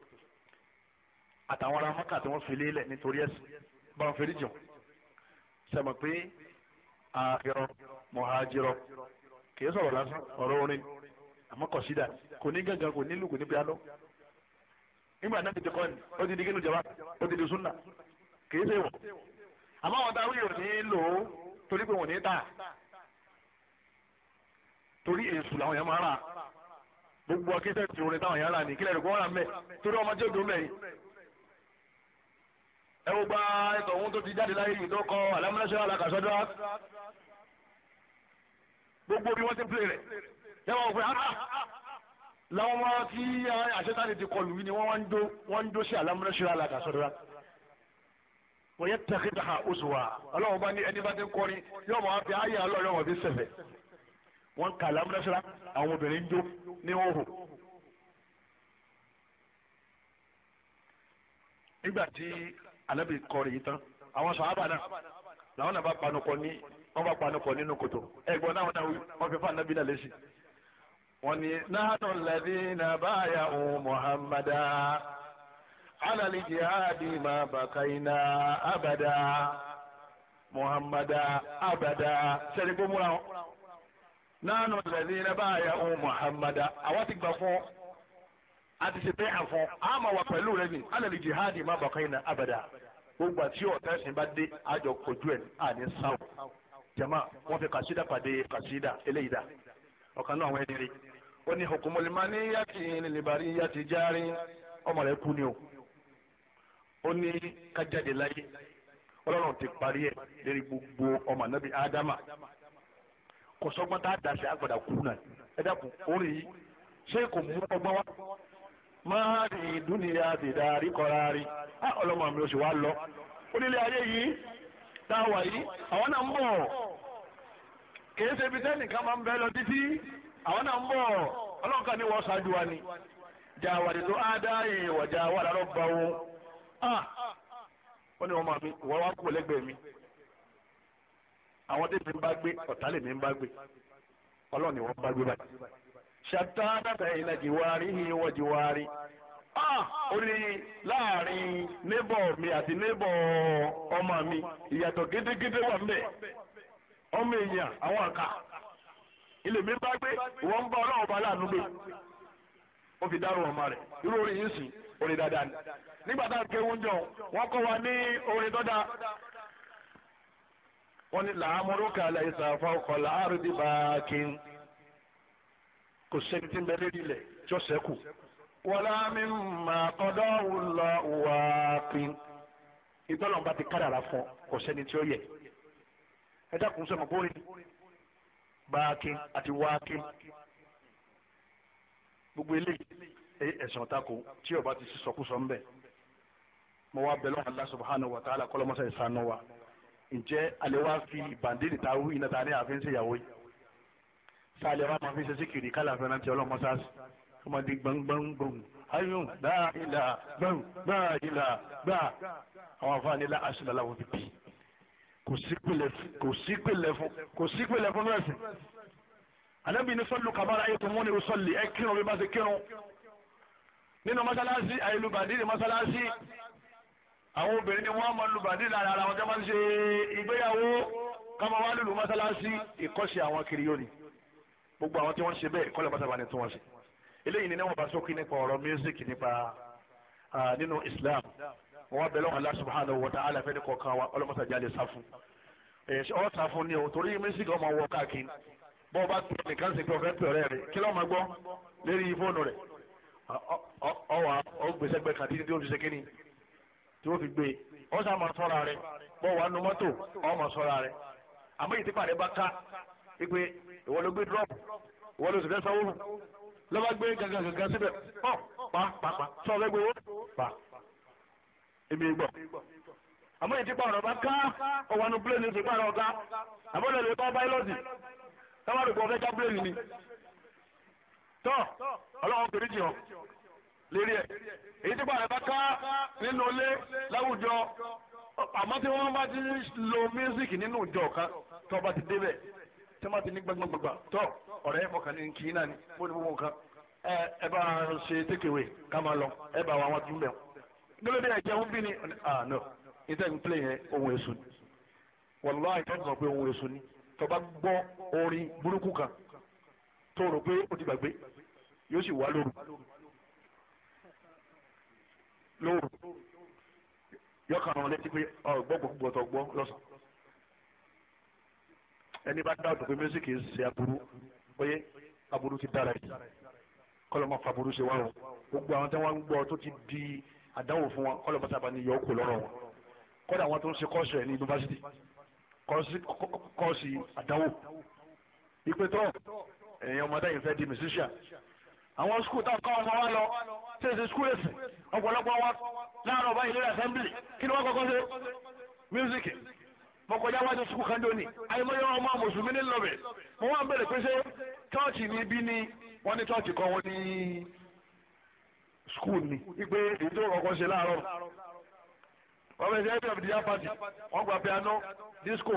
Àtàwọn ará Mọ́kà tí wọ́n fi lélẹ̀ nítorí ẹ̀sìn. Báwo fẹ́ díjì wọn? sẹ́mi pé àhìrọ̀ mọ̀hájìrọ̀ kì í sọ̀rọ̀ lásán ọ̀rọ̀ orin àmọ́ kọ̀sídà kò ní gángan kò ní lù kò ní piano nígbà náà ti di kọ́ni ó ti di kínú jaba ó ti di súnà kì í ṣe wọ̀ àmọ́ àwọn táwọn yóò ní lò ó torí pé wọ́n ní tà torí èsù làwọn yẹn máa rà gbogbo akẹ́tẹ̀ẹ̀tì orin táwọn yẹn rà ní kílẹ̀ rẹ̀ kó wọ́n rà mẹ́ torí ọmọdé òdò mẹ́rin ẹ wo gba ẹtọ ohun tó ti jáde láyé yìí tó kọ alámúnáṣẹ́ alákàṣọ́dọ́ gbogbo bí wọ́n ti ń pè rẹ̀ yẹ́wọ́n òfin áhà làwọn ọmọ tí àṣetáni ti kọlù yìí ni wọ́n ń jó wọ́n ń jó sí alámúnáṣẹ́ alákàṣọ́dọ́ wọ́n yẹ tẹ̀kítà òṣùwà ọlọ́run bá ní ẹni bá ti ń kọrin yóò máa fi ayé alọ́ọ̀rẹ́ wọn fi sẹ̀fẹ̀ wọ́n kà alámúnáṣẹ́ àwọn obìnrin ń jó ní òhùn. nígbà tí anabi kọrin yìí tán àwọn sàhábà náà làwọn náà bá panukọ ní wọn bá panukọ nínú kòtò ẹ̀gbọ́n náà wọn náà wọn fi fún anabi náà lẹsìn. wọn ni nahanu ladina baya ohun muhammada alali jihadi ma bakaina abada muhammada abada sẹni gbogbo wọn nahanu ladina baya ohun muhammada àwọn ti gbà fún a ṣe bẹ́ẹ̀ àfọ̀n àmọ̀ wà pẹ̀lú rẹ̀ ni alali jihadi ma bakaina abada. gbogbo àti ọ̀tá bá dé àjọ kojú ẹ̀ àní sáwọ̀ jama wọn fi kàṣídà pàdé kàṣídà eléyìí dà ọ̀kan náà àwọn ẹni ó ní hukumulima ní yàtì nìlìbàrí yàtì járí ọmọ rẹ kú ni o ó ní kájáde láyé ọlọ́run ti gbogbo ọmọ nábì ádámà kò sọ́gbọ́n tá a dà sí àgbàdà kú náà ẹ orí mahadi dunia ti dari kọraari á ọlọ́mọ mi oṣù wa lọ onílé ayé yìí táwa yìí àwọn náà ń bọ̀ kìí ṣe ibi sẹ́nìkan máa ń bẹ lọ títí àwọn náà ń bọ̀ ọlọ́nkà ni wọ́n ṣáájú wa ni jàwàdì tó ádáyè wọ̀jà wà lárọ́ bá wọn ó ní wọn mi wọ́n wá kú lẹ́gbẹ̀ẹ́ mi àwọn tètè ń bá gbé ọ̀tá lèmi ń bá gbé ọlọ́ọ̀ni wọ́n bá gbé báyìí. ṣàtàdà bẹ̀yìnà jìwárí hi jìwárí. ó ní láàrin mi àti nébọ̀ ọmọ mi ìyàtọ̀ gidigidi wà mbẹ̀ ọmọ èèyàn àwọn àká ilé mi bá gbé ìwọ ń bá ọlọ́run bá láàánú gbé ó fi dárò ọmọ rẹ̀ irú orin yìí sùn orin dáadáa ni nígbà tá a ké oúnjẹ wọn kọ́ wa ní orin tó kò sẹ́ni tí ń bẹ lérí ilẹ̀ tí ó sẹ́kù. wọlá mi mà kọ́dọ̀ wùlọ wà pín ìtọ́lọ́n bá ti kádàrà fún kò sẹ́ni tí ó yẹ. ẹ dákun sọ ma bó rin báàkín àti wáàkín gbogbo eléyìí ẹ̀sán tako tí ó bá ti sọkúsọ ń bẹ mo wá bẹ̀rẹ̀ Allah subhanahu wa ta'ala kọ́lọ́mọ́sá ìsànú wa ǹjẹ́ alẹ́ wá fi ìbàndínlẹ̀ ta wí iná ta ní àfihàn ṣèyàwó yìí tá a lè wá máa fi ṣe síkìrì kálá fẹ́ rántí ọlọ́mọ sáàsì kó máa di gbọ̀ngbọ̀ngbọ̀n ayún dáìlà gbọ̀n dáìlà gbà àwọn afáàní lá àṣìlálà wọn bìbí kò sí pèlè kò sí pèlè fún kò sí pèlè fún mẹ́sìn anábì ní sọ́lù kàbára ayé tó mú ní sọ́lì ẹ kírun bí bá ṣe kírun nínú mọ́ṣáláṣí àìlùbàdì ní mọ́ṣáláṣí àwọn obìnrin ni wọ́n mọ lùbàdì lára ara wọn tó máa ń ṣe ìgbéyàwó káwọn wá lùlù mọ́ṣáláṣí ìkọ́ṣe àwọn kiri yóò gbogbo àwọn tí wọ́n ṣe bẹ́ẹ̀ kọ́lẹ̀ bàtà bá ní tí wọ́n ṣe eléyìí ni níwọ̀n bá sókè nípa ọ̀rọ̀ music nípa nínú Islam wọn bẹ lọ́wọ́ Allah subhanahu wa ta'ala fẹ́ ní kọ̀ọ̀kan wa ọlọ́mọta jáde sáfù ọ̀ sáfù ni o torí music ọmọ wọ káàkiri bọ́ọ̀ bá tó nìkan sí pé ọ̀fẹ́ pè ọ̀rẹ́ rẹ̀ kí lọ́ọ́ máa gbọ́ lérí fóònù rẹ̀ ọwà ọgbẹ́sẹ̀gbẹ́ kan títí tí ó fi ṣe kíni tí ó fi gbé ọ sá máa sọ́ra rẹ̀ bọ́ọ̀ wà nu mọ́tò ọ máa sọ́ra rẹ̀ àmọ́ ìtìpá bá ká pé ìwọ ló gbé drop ìwọ ló sì fẹ́ sanwó fún lọ́ba gbé gangan gangan síbẹ̀ pọ̀ pa pa pa sọ fẹ́ gbé pa èmi gbọ́ àmọ́ ìtìpá ọ̀rọ̀ bá ká ọ̀wọ́ nu plane ní ìtìpá ọ̀rọ̀ ká àmọ́ lè lè bá báyọ́lọ́sì táwọn àdùkù ọ̀fẹ́ ká plane ni tọ́ ọlọ́wọ́ kiri jì ọ́ lérí ẹ̀ èyí tí bàrẹ̀ bá ká nínú ilé láwùjọ àmọ́ tí wọ́n bá ti lo music nínú ìjọ kan tó bá ti débẹ̀ tí wọ́n ní gbàgbàgbàgbà tọ́ ọ̀rẹ́ ẹ̀fọ́ kan ní kí náà ni mo ní gbogbo nǹkan ẹ bá ṣe tékèwé ká máa lọ ẹ bá wa wọn tún bẹ̀ gbẹlẹ́dẹ́ ẹ̀jẹ̀ ń bí ni ah no ìtẹ́ ń pè yẹn ohun èso ni wàláhì tó ń sọ pé ohun èso ni tó bá gbọ́ orin burúkú kan tó rò pé ó ti gbàgbé yóò sì wá lóru lóru yọkàn àwọn létí pé ọ gbọ́ gbogbo ọ̀tọ̀ gbọ́ lọ́sàn-án ẹni bá dáwọ́ tó music kì í ṣe aburú oyè aburú ti dára yìí kọlọmọ faburú ṣe wá o gbogbo àwọn tí wọn ń gbọ́ tó ti di àdánwò fún wọn kọlọmọ sábà ní yọ kó lọ́rọ̀ wọn kódà wọn tó ń ṣe kọ́ọ̀sì ẹ̀ ní yunifásitì kọ́ọ̀sì àdánwò ìpè tọ́ ẹ̀yin ọmọdé yìí fẹ́ di musician àwọn skul tá kọ́ ọmọ wa lọ ṣe é ṣe skul ẹ̀sìn ọ̀pọ̀lọpọ̀ wa láàárọ̀ báyìí lórí assembly kí ni wọ́n kọ́kọ́ ṣe music mo kọjá wájú sukù ni, dóni ayémọ́yé ọmọ mùsùlùmí ní lọ́bẹ̀ mo wá ń bẹ̀rẹ̀ pé ṣé chọ́ọ̀chì ni ibi ni wọ́n ní chọ́ọ̀chì kan wọ́n ní sukù ni wípé èyí tó kọ̀ọ̀kan ṣe láàárọ̀ wọ́n fẹ́ ṣe ẹ̀dọ̀ ìdíyà pàtì wọ́n gba piano disco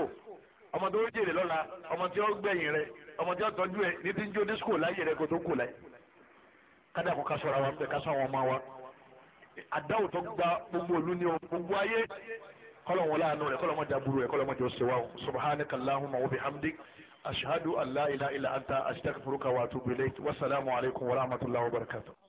ọmọ tó jèrè lọ́la ọmọ tí ó gbẹ̀yìn rẹ ọmọ tí ó tọ́jú ẹ ní ti ń jó disco láyé rẹ kó tó kù láyé kádà kó kásọ̀ra wa ń bẹ̀ kásọ̀ àwọn ọmọ wa àdáwò tó gba gbogbo òlu ni o gbogbo ayé قال ولا نور قال ما جابرو جوسوا سبحانك اللهم وبحمدك اشهد ان لا اله الا انت استغفرك واتوب اليك والسلام عليكم ورحمه الله وبركاته